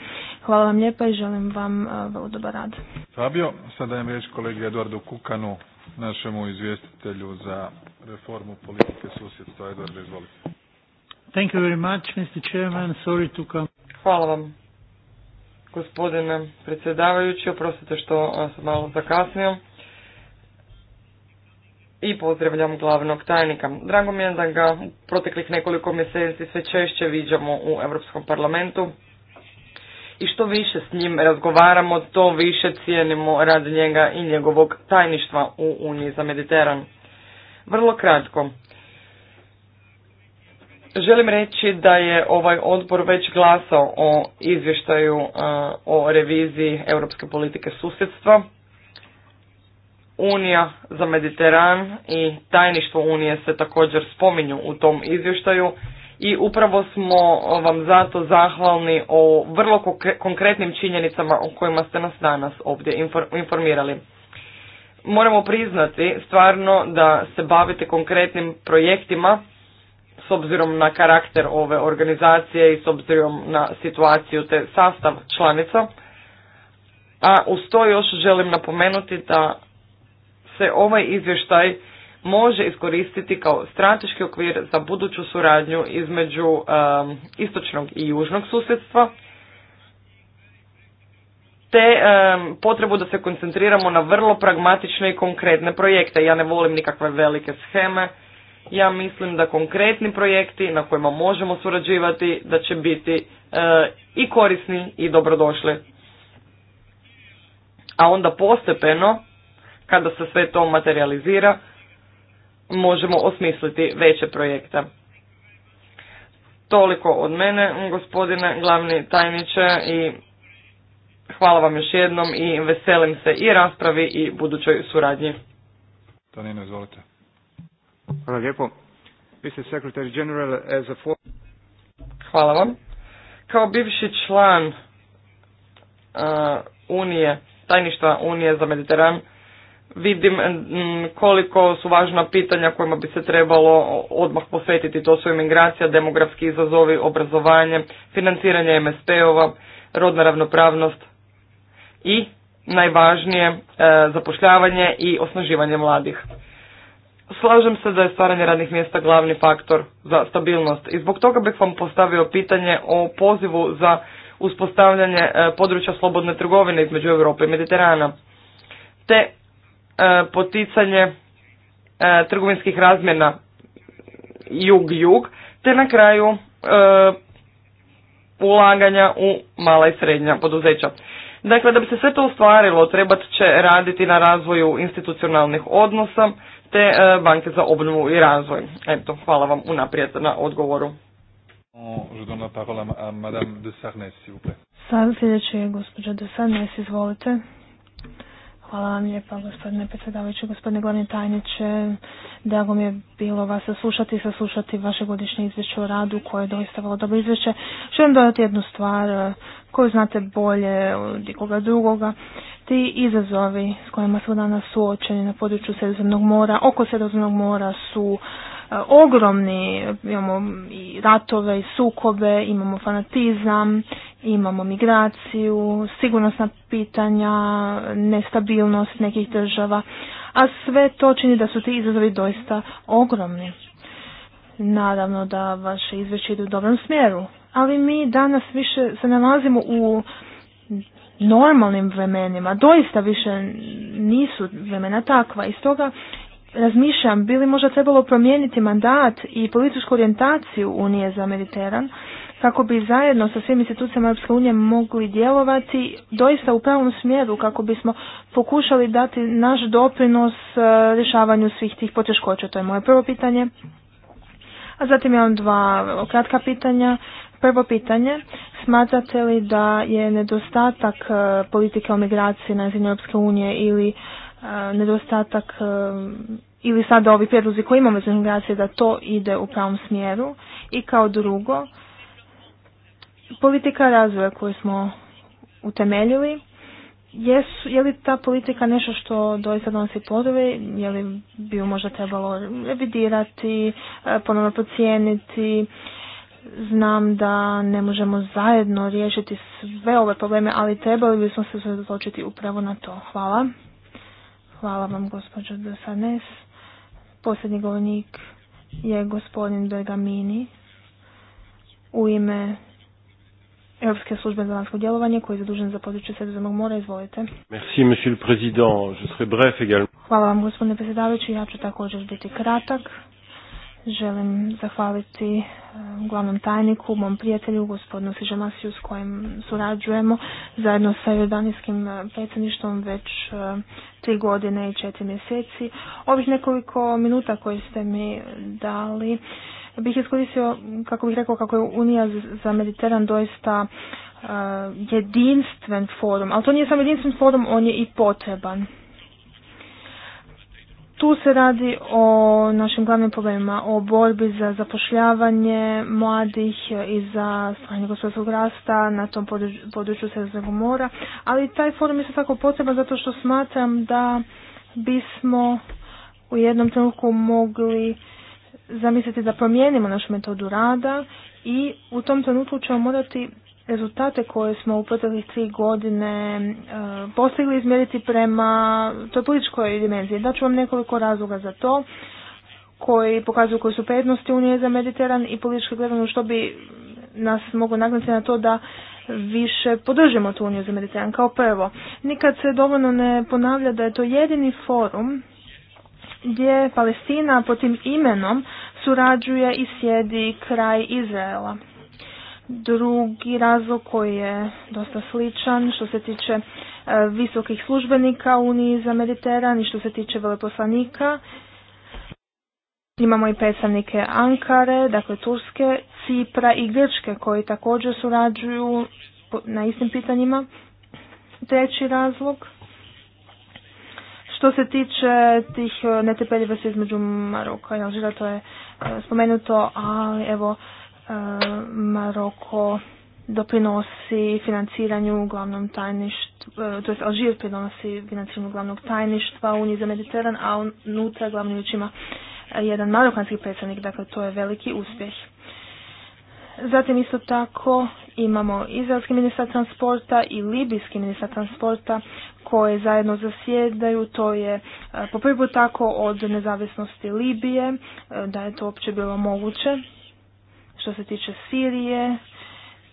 Hvala vam lijepa i želim vam e, vrlo dobar rad. Fabio, sada dajem riječ kolegi Eduardu Kukanu, našemu izvjestitelju za reformu politike susjedstva. Eduardo, izvolite. Thank you very much, Mr. Chairman. Sorry to come. Hvala vam, gospodine predsjedavajući. Oprostite što sam malo zakasnio i pozdravljam glavnog tajnika. Drago mi je da ga proteklih nekoliko mjeseci sve češće viđamo u Europskom parlamentu i što više s njim razgovaramo, to više cijenimo rad njega i njegovog tajništva u Uniji za Mediteran. Vrlo kratko. Želim reći da je ovaj odbor već glasao o izvještaju o reviziji europske politike susjedstva Unija za Mediteran i tajništvo Unije se također spominju u tom izvještaju i upravo smo vam zato zahvalni o vrlo konkretnim činjenicama o kojima ste nas danas ovdje informirali. Moramo priznati stvarno da se bavite konkretnim projektima s obzirom na karakter ove organizacije i s obzirom na situaciju te sastav članica. A uz to još želim napomenuti da se ovaj izvještaj može iskoristiti kao strateški okvir za buduću suradnju između um, istočnog i južnog susjedstva te um, potrebu da se koncentriramo na vrlo pragmatične i konkretne projekte. Ja ne volim nikakve velike scheme. Ja mislim da konkretni projekti na kojima možemo surađivati da će biti uh, i korisni i dobrodošli. A onda postepeno kada se sve to materializira, možemo osmisliti veće projekte. Toliko od mene, gospodine glavni tajniče, i hvala vam još jednom i veselim se i raspravi i budućoj suradnji. Tonino, izvolite. Hvala lijepo. Vi ste general as a Hvala vam. Kao bivši član uh, Unije, tajništva Unije za Mediteran, vidim mm, koliko su važna pitanja kojima bi se trebalo odmah posvetiti. To su imigracija, demografski izazovi, obrazovanje, financiranje MSP-ova, rodna ravnopravnost i najvažnije e, zapošljavanje i osnaživanje mladih. Slažem se da je stvaranje radnih mjesta glavni faktor za stabilnost i zbog toga bih vam postavio pitanje o pozivu za uspostavljanje e, područja slobodne trgovine između Europe i Mediterana te E, poticanje e, trgovinskih razmjena jug-jug, te na kraju e, ulaganja u mala i srednja poduzeća. Dakle, da bi se sve to ostvarilo, trebat će raditi na razvoju institucionalnih odnosa te banke za obnovu i razvoj. Eto, hvala vam unaprijed na odgovoru. Sada sljedeće je gospođa de izvolite. Hvala vam lijepa gospodine predsjedavajući, gospodine glavni tajniče. Drago mi je bilo vas saslušati i saslušati vaše godišnje izvješće o radu koje je doista vrlo dobro izvješće. Želim dodati jednu stvar eh, koju znate bolje od ikoga drugoga. Ti izazovi s kojima smo danas suočeni na području Sredozemnog mora, oko Sredozemnog mora su ogromni, imamo i ratove i sukobe, imamo fanatizam, imamo migraciju, sigurnosna pitanja, nestabilnost nekih država, a sve to čini da su ti izazovi doista ogromni. Naravno da vaše izvješće ide u dobrom smjeru, ali mi danas više se nalazimo u normalnim vremenima, doista više nisu vremena takva i stoga razmišljam bi li možda trebalo promijeniti mandat i političku orijentaciju Unije za Mediteran kako bi zajedno sa svim institucijama Europske unije mogli djelovati doista u pravom smjeru kako bismo pokušali dati naš doprinos e, rješavanju svih tih poteškoća. To je moje prvo pitanje. A zatim imam dva kratka pitanja. Prvo pitanje, smatrate li da je nedostatak e, politike o migraciji na razini Europske unije ili E, nedostatak e, ili sada ovi prijedlozi koji imamo za migracije da to ide u pravom smjeru i kao drugo politika razvoja koju smo utemeljili jesu, je li ta politika nešto što doista donosi plodove, je li bi ju možda trebalo revidirati, e, ponovno pocijeniti znam da ne možemo zajedno riješiti sve ove probleme, ali trebali bismo se zatočiti upravo na to. Hvala. Hvala vam gospođo Dosanes. Posljednji govornik je gospodin Bergamini u ime Europske službe za vanjsko djelovanje koji je zadužen za područje Sredozemnog mora. Izvolite. Merci, monsieur le président. Je serai bref également. Hvala vam gospodine predsjedavajući. Ja ću također biti kratak. Želim zahvaliti e, glavnom tajniku, mom prijatelju, gospodinu Sižemasiju s kojim surađujemo zajedno sa jordanijskim e, predsjedništvom već e, tri godine i četiri mjeseci. Ovih nekoliko minuta koje ste mi dali bih iskoristio, kako bih rekao, kako je Unija za Mediteran doista jedinstven forum, ali to nije samo jedinstven forum, on je i potreban. Tu se radi o našim glavnim problemima, o borbi za zapošljavanje mladih i za stvaranje gospodarskog rasta na tom području, području mora, ali taj forum je se tako potreban zato što smatram da bismo u jednom trenutku mogli zamisliti da promijenimo našu metodu rada i u tom trenutku ćemo morati rezultate koje smo u proteklih tri godine e, postigli izmjeriti prema toj političkoj dimenziji. Daću vam nekoliko razloga za to koji pokazuju koje su prednosti Unije za Mediteran i političke gledanje što bi nas moglo naglasiti na to da više podržimo tu Uniju za Mediteran. Kao prvo, nikad se dovoljno ne ponavlja da je to jedini forum gdje Palestina pod tim imenom surađuje i sjedi kraj Izraela. Drugi razlog koji je dosta sličan što se tiče e, visokih službenika Uniji za Mediteran i što se tiče veleposlanika. Imamo i predstavnike Ankare, dakle Turske, Cipra i Grčke koji također surađuju na istim pitanjima. Treći razlog. Što se tiče tih netrpeljivosti između Maroka i Alžira, to je e, spomenuto, ali evo E, Maroko doprinosi financiranju glavnom tajništvu, e, to jest Alžir pridonosi financiranju glavnog tajništva Unije za Mediteran, a unutra glavni učima jedan marokanski predstavnik, dakle to je veliki uspjeh. Zatim isto tako imamo Izraelski ministar transporta i Libijski ministar transporta koje zajedno zasjedaju, to je e, po prvi put tako od nezavisnosti Libije, da je to uopće bilo moguće. Što se tiče Sirije,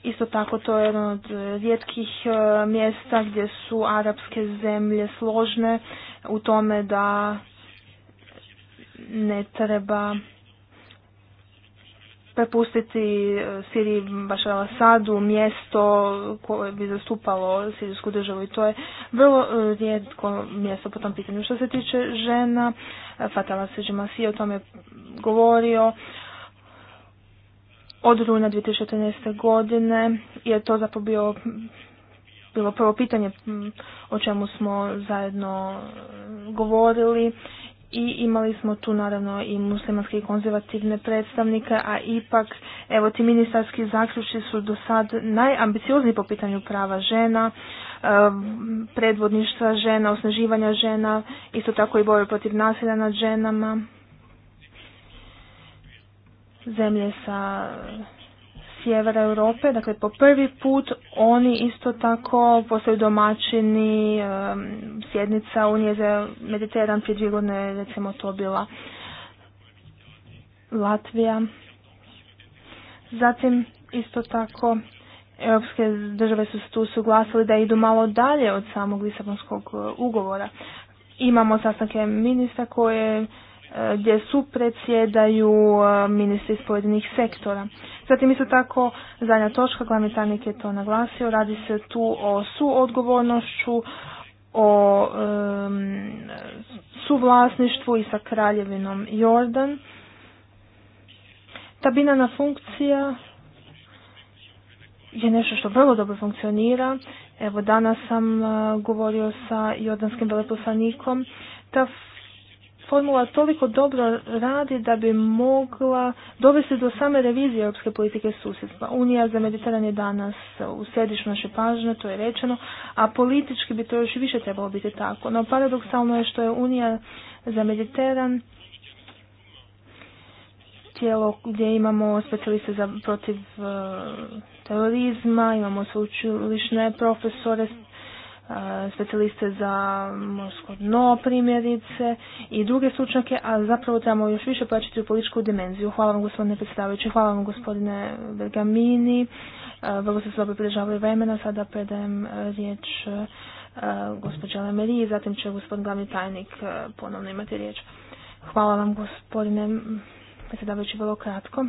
isto tako to je jedno od e, rijetkih e, mjesta gdje su arapske zemlje složne u tome da ne treba prepustiti e, Siriji Bašar al-Assadu mjesto koje bi zastupalo sirijsku državu i to je vrlo rijetko mjesto po tom pitanju. Što se tiče žena, Fatala Seđimasi o tome govorio, od rujna 2014. godine je to zapravo bio, bilo prvo pitanje o čemu smo zajedno govorili i imali smo tu naravno i muslimanske i konzervativne predstavnike, a ipak evo ti ministarski zaključci su do sad najambiciozniji po pitanju prava žena, e, predvodništva žena, osnaživanja žena, isto tako i borbe protiv nasilja nad ženama zemlje sa sjevera Europe, dakle po prvi put oni isto tako postaju domaćini sjednica Unije za Mediteran prije dvije recimo to bila Latvija. Zatim isto tako europske države su tu suglasili da idu malo dalje od samog Lisabonskog ugovora. Imamo sastanke ministra koje gdje su predsjedaju e, ministri iz pojedinih sektora. Zatim isto tako zadnja točka, glavni tajnik je to naglasio, radi se tu o suodgovornošću, o suvlasništvu i sa kraljevinom Jordan. Ta binana funkcija je nešto što vrlo dobro funkcionira. Evo danas sam e, govorio sa jordanskim veleposlanikom. Ta formula toliko dobro radi da bi mogla dovesti do same revizije europske politike susjedstva. Unija za Mediteran je danas u središnju naše pažnje, to je rečeno, a politički bi to još i više trebalo biti tako. No paradoksalno je što je Unija za Mediteran tijelo gdje imamo specijaliste za protiv eh, terorizma, imamo sveučilišne profesore, Specialiste za morsko dno primjerice i druge stručnjake, a zapravo trebamo još više plaćati u političku dimenziju. Hvala vam gospodine predstavajući, hvala vam gospodine Bergamini, vrlo ste se dobro pridržavali vremena, sada predajem riječ gospođe Lemeriji i zatim će gospodin glavni tajnik ponovno imati riječ. Hvala vam gospodine predsjedavajući vrlo kratko.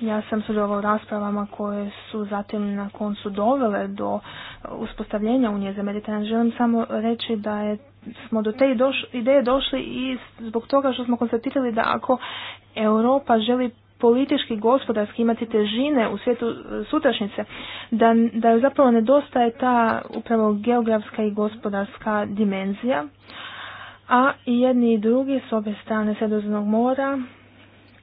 Ja sam sudjelovao u raspravama koje su zatim na koncu dovele do uspostavljenja Unije za Mediteran. Želim samo reći da je, smo do te ideje došli i zbog toga što smo konstatirali da ako Europa želi politički, gospodarski imati težine u svijetu e, sutrašnjice, da, da joj zapravo nedostaje ta upravo geografska i gospodarska dimenzija, a i jedni i drugi s obje strane Sredozemnog mora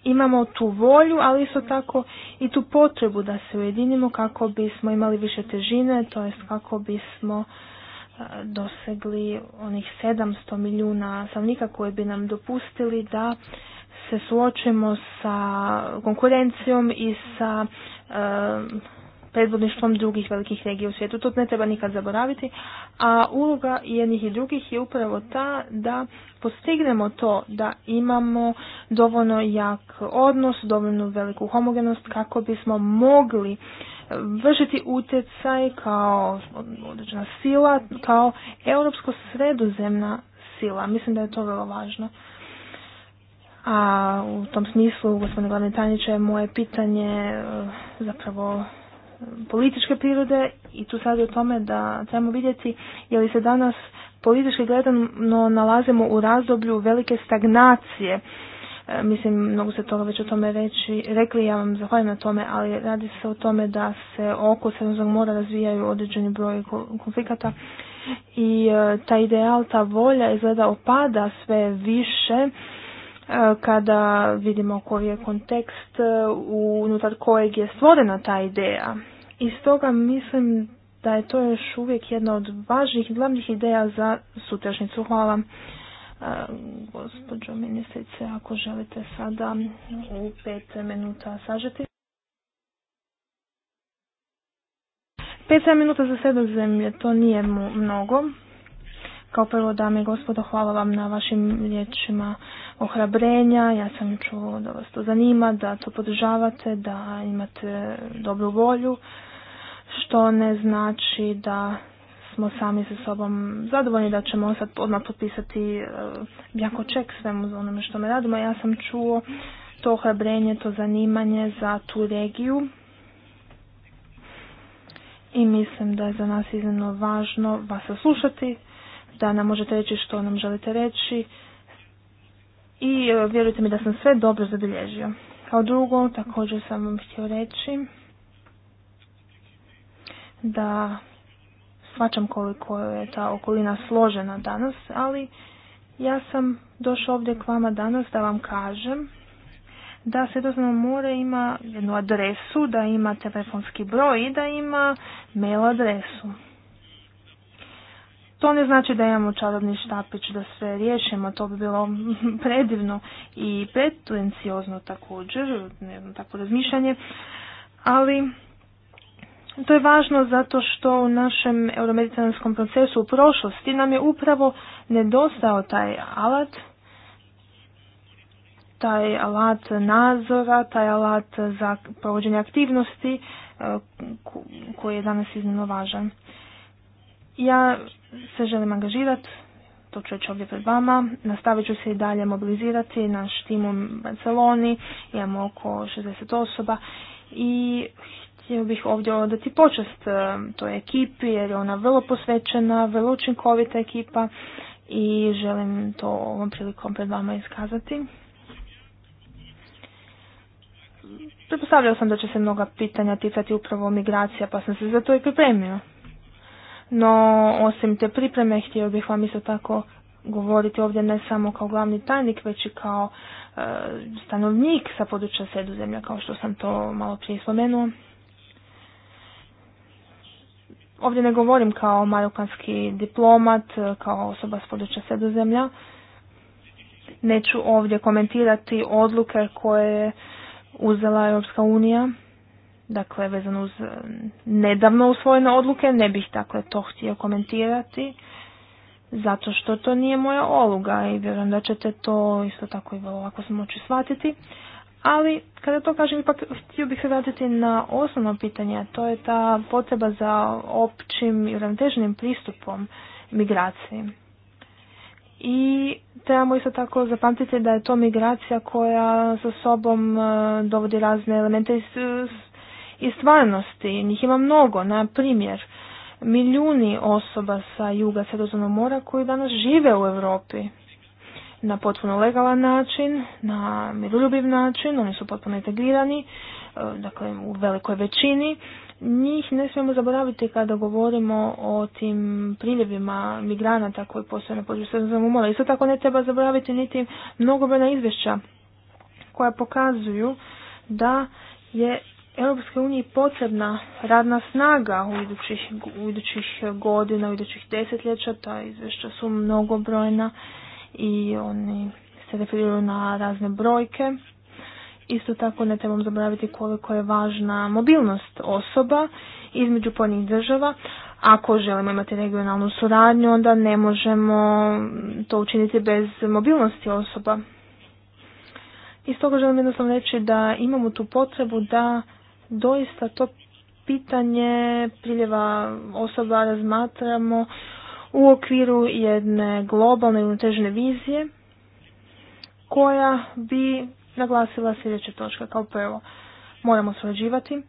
imamo tu volju, ali isto tako i tu potrebu da se ujedinimo kako bismo imali više težine, to jest kako bismo e, dosegli onih 700 milijuna stanovnika koje bi nam dopustili da se suočimo sa konkurencijom i sa e, predvodništvom drugih velikih regija u svijetu. To ne treba nikad zaboraviti. A uloga jednih i drugih je upravo ta da postignemo to da imamo dovoljno jak odnos, dovoljno veliku homogenost kako bismo mogli vršiti utjecaj kao određena sila, kao europsko sredozemna sila. Mislim da je to vrlo važno. A u tom smislu, gospodine glavni tajniče, moje pitanje e, zapravo političke prirode i tu sad je o tome da trebamo vidjeti je li se danas politički gledano nalazimo u razdoblju velike stagnacije. E, mislim, mnogo se toga već o tome reći, rekli, ja vam zahvaljujem na tome, ali radi se o tome da se oko Sredozog mora razvijaju određeni broj konflikata i e, ta ideal, ta volja izgleda opada sve više e, kada vidimo koji je kontekst unutar kojeg je stvorena ta ideja. I stoga mislim da je to još uvijek jedna od važnih glavnih ideja za sutrašnicu. Hvala e, gospođo ministrice, ako želite sada u pet minuta sažeti. Pet minuta za sredozemlje, to nije mnogo. Kao prvo, dame i gospodo, hvala vam na vašim riječima ohrabrenja. Ja sam čuo da vas to zanima, da to podržavate, da imate dobru volju što ne znači da smo sami sa sobom zadovoljni da ćemo sad odmah potpisati e, jako ček svemu onome što me radimo. Ja sam čuo to ohrabrenje, to zanimanje za tu regiju i mislim da je za nas iznimno važno vas saslušati, da nam možete reći što nam želite reći i e, vjerujte mi da sam sve dobro zabilježio. Kao drugo, također sam vam htio reći da shvaćam koliko je ta okolina složena danas, ali ja sam došao ovdje k vama danas da vam kažem da Sredozemno more ima jednu adresu, da ima telefonski broj i da ima mail adresu. To ne znači da imamo čarobni štapić da sve riješimo, to bi bilo *laughs* predivno i pretencijozno također, ne znam, razmišljanje, ali to je važno zato što u našem euromedicinskom procesu u prošlosti nam je upravo nedostao taj alat, taj alat nadzora, taj alat za provođenje aktivnosti e, koji je danas iznimno važan. Ja se želim angažirati, to ću reći ovdje pred vama, nastavit ću se i dalje mobilizirati, naš tim u Barceloni, imamo oko 60 osoba i htio bih ovdje odati počast e, toj ekipi jer je ona vrlo posvećena, vrlo učinkovita ekipa i želim to ovom prilikom pred vama iskazati. Pretpostavljao sam da će se mnoga pitanja ticati upravo migracija pa sam se za to i pripremio. No, osim te pripreme, htio bih vam isto tako govoriti ovdje ne samo kao glavni tajnik, već i kao e, stanovnik sa područja sredozemlja, kao što sam to malo prije spomenuo. Ovdje ne govorim kao marokanski diplomat, e, kao osoba s područja sredozemlja. Neću ovdje komentirati odluke koje je uzela Europska unija, dakle vezano uz e, nedavno usvojene odluke, ne bih dakle to htio komentirati, zato što to nije moja oluga i vjerujem da ćete to isto tako i vrlo lako se moći shvatiti. Ali, kada to kažem, ipak htio bih se vratiti na osnovno pitanje, to je ta potreba za općim i uravnoteženim pristupom migraciji. I trebamo isto tako zapamtiti da je to migracija koja sa sobom e, dovodi razne elemente iz, iz stvarnosti. Njih ima mnogo, na primjer, milijuni osoba sa juga Sredozemnog mora koji danas žive u Europi na potpuno legalan način, na miroljubiv način, oni su potpuno integrirani, e, dakle u velikoj većini. Njih ne smijemo zaboraviti kada govorimo o tim priljevima migranata koji postoje na području Sredozemnog mora. Isto tako ne treba zaboraviti niti mnogobrojna izvješća koja pokazuju da je Europske unije potrebna radna snaga u idućih, u idućih godina, u idućih desetljeća, ta izvješća su mnogobrojna i oni se referiraju na razne brojke. Isto tako ne trebamo zaboraviti koliko je važna mobilnost osoba između pojedinih država. Ako želimo imati regionalnu suradnju, onda ne možemo to učiniti bez mobilnosti osoba. Iz toga želim jednostavno reći da imamo tu potrebu da doista to pitanje priljeva osoba razmatramo u okviru jedne globalne i vizije koja bi naglasila sljedeća točka kao prvo. Moramo surađivati.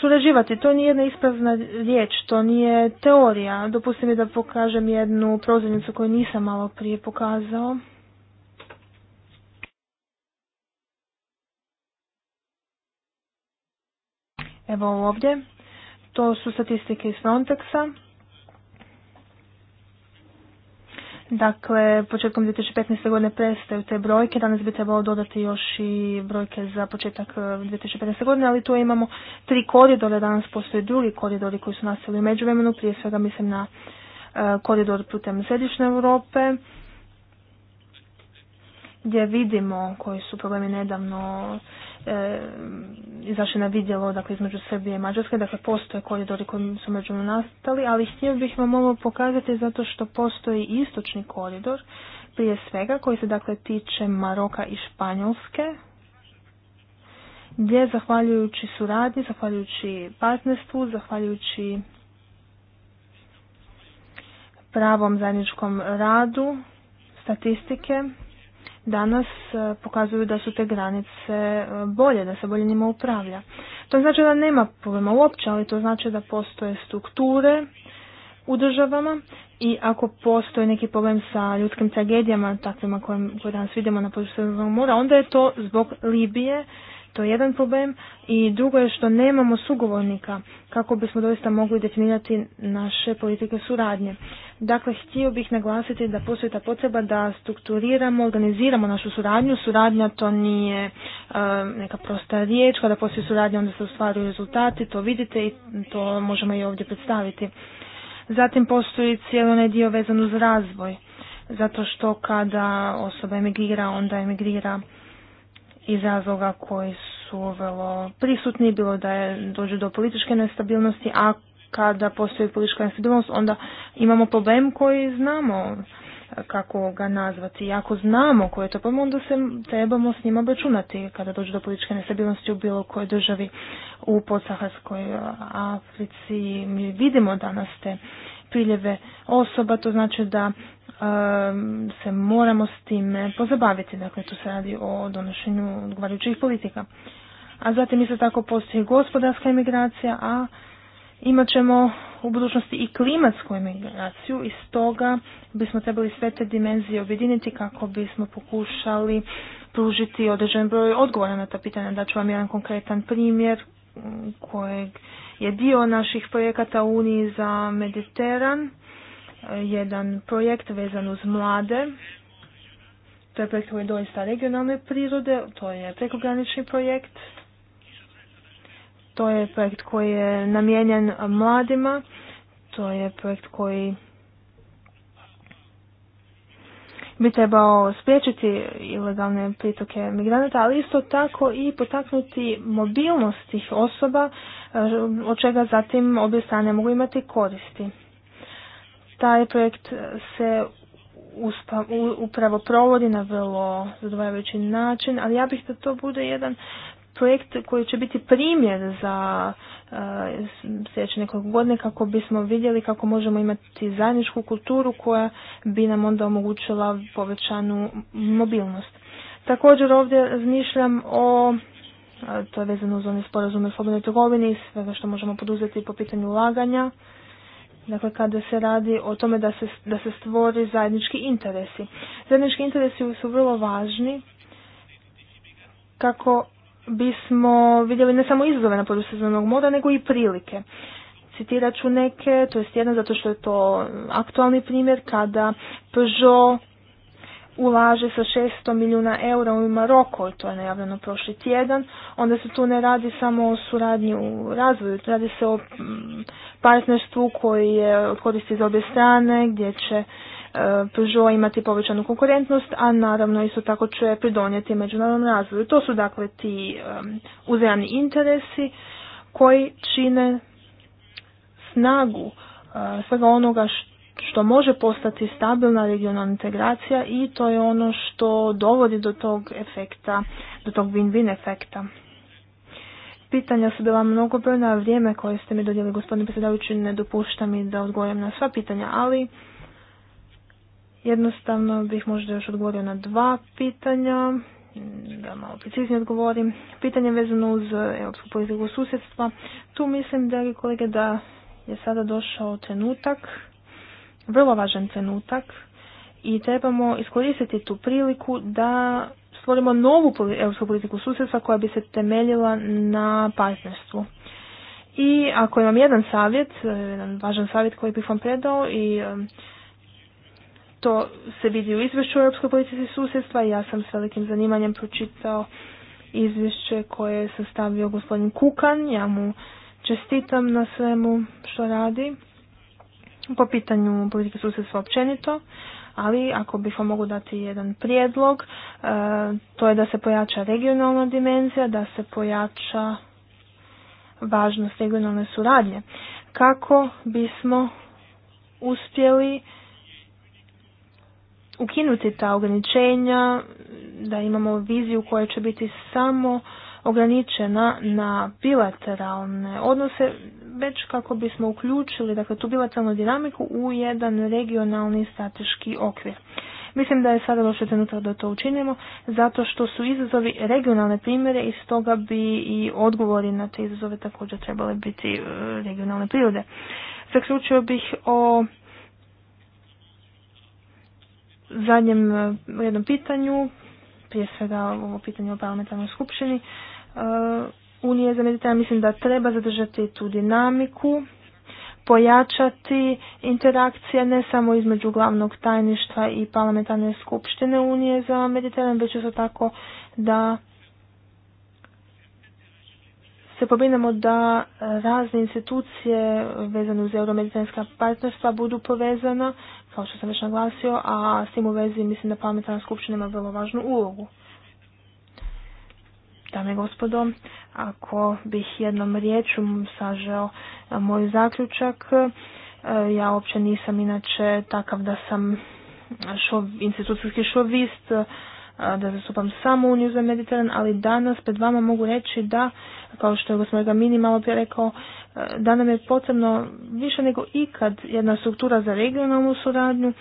Surađivati, to nije jedna ispravna riječ, to nije teorija. Dopustite mi da pokažem jednu prozirnicu koju nisam malo prije pokazao. Evo ovdje. To su statistike iz Frontexa. Dakle, početkom 2015. godine prestaju te brojke, danas bi trebalo dodati još i brojke za početak 2015. E, godine, ali tu imamo tri koridore, danas postoje drugi koridori koji su nastali u međuvremenu, prije svega mislim na e, koridor putem središnje Europe, gdje vidimo koji su problemi nedavno E, izašli na vidjelo dakle, između Srbije i Mađarske, dakle postoje koridori koji su među nastali, ali htio bih vam ovo pokazati zato što postoji istočni koridor, prije svega koji se dakle tiče Maroka i Španjolske, gdje zahvaljujući suradnji, zahvaljujući partnerstvu, zahvaljujući pravom zajedničkom radu, statistike, danas e, pokazuju da su te granice e, bolje, da se bolje njima upravlja. To znači da nema problema uopće, ali to znači da postoje strukture u državama i ako postoji neki problem sa ljudskim tragedijama, takvima koje, koje danas vidimo na području mora, onda je to zbog Libije to je jedan problem. I drugo je što nemamo sugovornika kako bismo doista mogli definirati naše politike suradnje. Dakle, htio bih naglasiti da postoji ta potreba da strukturiramo, organiziramo našu suradnju. Suradnja to nije e, neka prosta riječ. Kada postoji suradnja onda se ostvaruju rezultati, to vidite i to možemo i ovdje predstaviti. Zatim postoji cijeli onaj dio vezan uz razvoj zato što kada osoba emigrira, onda emigrira iz razloga koji su prisutni, bilo da je dođe do političke nestabilnosti, a kada postoji politička nestabilnost, onda imamo problem koji znamo kako ga nazvati. I ako znamo koje je to problem, onda se trebamo s njima obračunati kada dođe do političke nestabilnosti u bilo kojoj državi u podsaharskoj Africi. Mi vidimo danas te priljeve osoba, to znači da se moramo s time pozabaviti. Dakle, tu se radi o donošenju odgovarajućih politika. A zatim isto tako postoji gospodarska imigracija, a imat ćemo u budućnosti i klimatsku emigraciju i stoga bismo trebali sve te dimenzije objediniti kako bismo pokušali pružiti određen broj odgovora na ta pitanja. Da ću vam jedan konkretan primjer kojeg je dio naših projekata Uniji za Mediteran jedan projekt vezan uz mlade. To je projekt koji je doista regionalne prirode, to je prekogranični projekt. To je projekt koji je namijenjen mladima, to je projekt koji bi trebao spriječiti ilegalne pritoke migranata, ali isto tako i potaknuti mobilnost tih osoba, eh, od čega zatim obje strane mogu imati koristi. Taj projekt se upravo provodi na vrlo zadovoljavajući način, ali ja bih da to bude jedan projekt koji će biti primjer za e, sljedeće nekoliko godine kako bismo vidjeli kako možemo imati zajedničku kulturu koja bi nam onda omogućila povećanu mobilnost. Također ovdje razmišljam o e, to je vezano uz one sporazume o slobodnoj trgovini i svega što možemo poduzeti po pitanju ulaganja. Dakle, kada se radi o tome da se, da se stvori zajednički interesi. Zajednički interesi su vrlo važni kako bismo vidjeli ne samo izazove na području moda mora, nego i prilike. Citirat ću neke, to jest jedan zato što je to aktualni primjer kada Peugeot ulaže sa 600 milijuna eura u Maroko, to je najavljeno prošli tjedan, onda se tu ne radi samo o suradnji u razvoju, radi se o mm, partnerstvu koji je od koristi za obje strane, gdje će e, Peugeot imati povećanu konkurentnost, a naravno isto tako će pridonijeti međunarodnom razvoju. To su dakle ti e, uzajamni interesi koji čine snagu e, svega onoga što što može postati stabilna regionalna integracija i to je ono što dovodi do tog efekta, do tog win-win efekta. Pitanja su bila mnogo mnogobrojna, vrijeme koje ste mi dodijeli gospodine predsjedavajući ne dopušta mi da odgovorim na sva pitanja, ali jednostavno bih možda još odgovorio na dva pitanja, da malo preciznije odgovorim. Pitanje vezano uz europsku politiku susjedstva. Tu mislim, dragi kolege, da je sada došao trenutak vrlo važan trenutak i trebamo iskoristiti tu priliku da stvorimo novu europsku politiku susjedstva koja bi se temeljila na partnerstvu. I ako imam jedan savjet, e, jedan važan savjet koji bih vam predao i e, to se vidi u izvješću europskoj politici susjedstva. Ja sam s velikim zanimanjem pročitao izvješće koje je sastavio gospodin Kukan. Ja mu čestitam na svemu što radi po pitanju politike susjedstva općenito, ali ako bih vam mogu dati jedan prijedlog, e, to je da se pojača regionalna dimenzija, da se pojača važnost regionalne suradnje, kako bismo uspjeli ukinuti ta ograničenja, da imamo viziju koja će biti samo ograničena na bilateralne odnose već kako bismo uključili dakle, tu bilateralnu dinamiku u jedan regionalni strateški okvir. Mislim da je sada loše trenutak da to učinimo, zato što su izazovi regionalne primjere i stoga bi i odgovori na te izazove također trebale biti e, regionalne prirode. Zaključio bih o zadnjem e, jednom pitanju, prije svega ovo pitanje o parlamentarnoj skupštini. E, unije za Mediteran, mislim da treba zadržati tu dinamiku, pojačati interakcije ne samo između glavnog tajništva i parlamentarne skupštine Unije za Mediteran, već isto tako da se pobrinemo da razne institucije vezane uz euromediteranska partnerstva budu povezana, kao što sam već naglasio, a s tim u vezi mislim da parlamentarna skupština ima vrlo važnu ulogu. Dame i gospodo, ako bih jednom riječu sažao e, moj zaključak, e, ja uopće nisam inače takav da sam šov, institucijski šovist, e, da zastupam samo Uniju za Mediteran, ali danas pred vama mogu reći da, kao što je gospodin Gamini malo prije rekao, da nam je potrebno više nego ikad jedna struktura za regionalnu suradnju.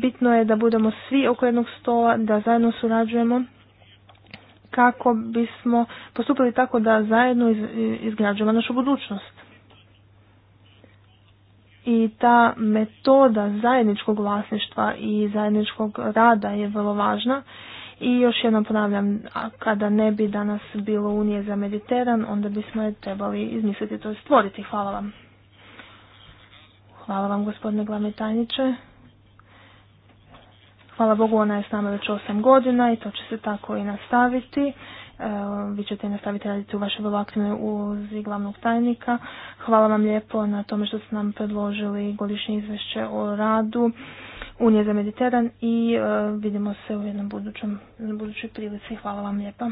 Bitno je da budemo svi oko jednog stola, da zajedno surađujemo kako bismo postupili tako da zajedno izgrađujemo našu budućnost. I ta metoda zajedničkog vlasništva i zajedničkog rada je vrlo važna. I još jednom ponavljam, kada ne bi danas bilo Unije za Mediteran, onda bismo je trebali izmisliti to i stvoriti. Hvala vam. Hvala vam gospodine glavni tajniče. Hvala Bogu, ona je s nama već 8 godina i to će se tako i nastaviti. E, vi ćete nastaviti raditi u vašoj vrlo aktivnoj ulozi glavnog tajnika. Hvala vam lijepo na tome što ste nam predložili godišnje izvješće o radu Unije za Mediteran i e, vidimo se u jednom budućoj prilici. Hvala vam lijepa.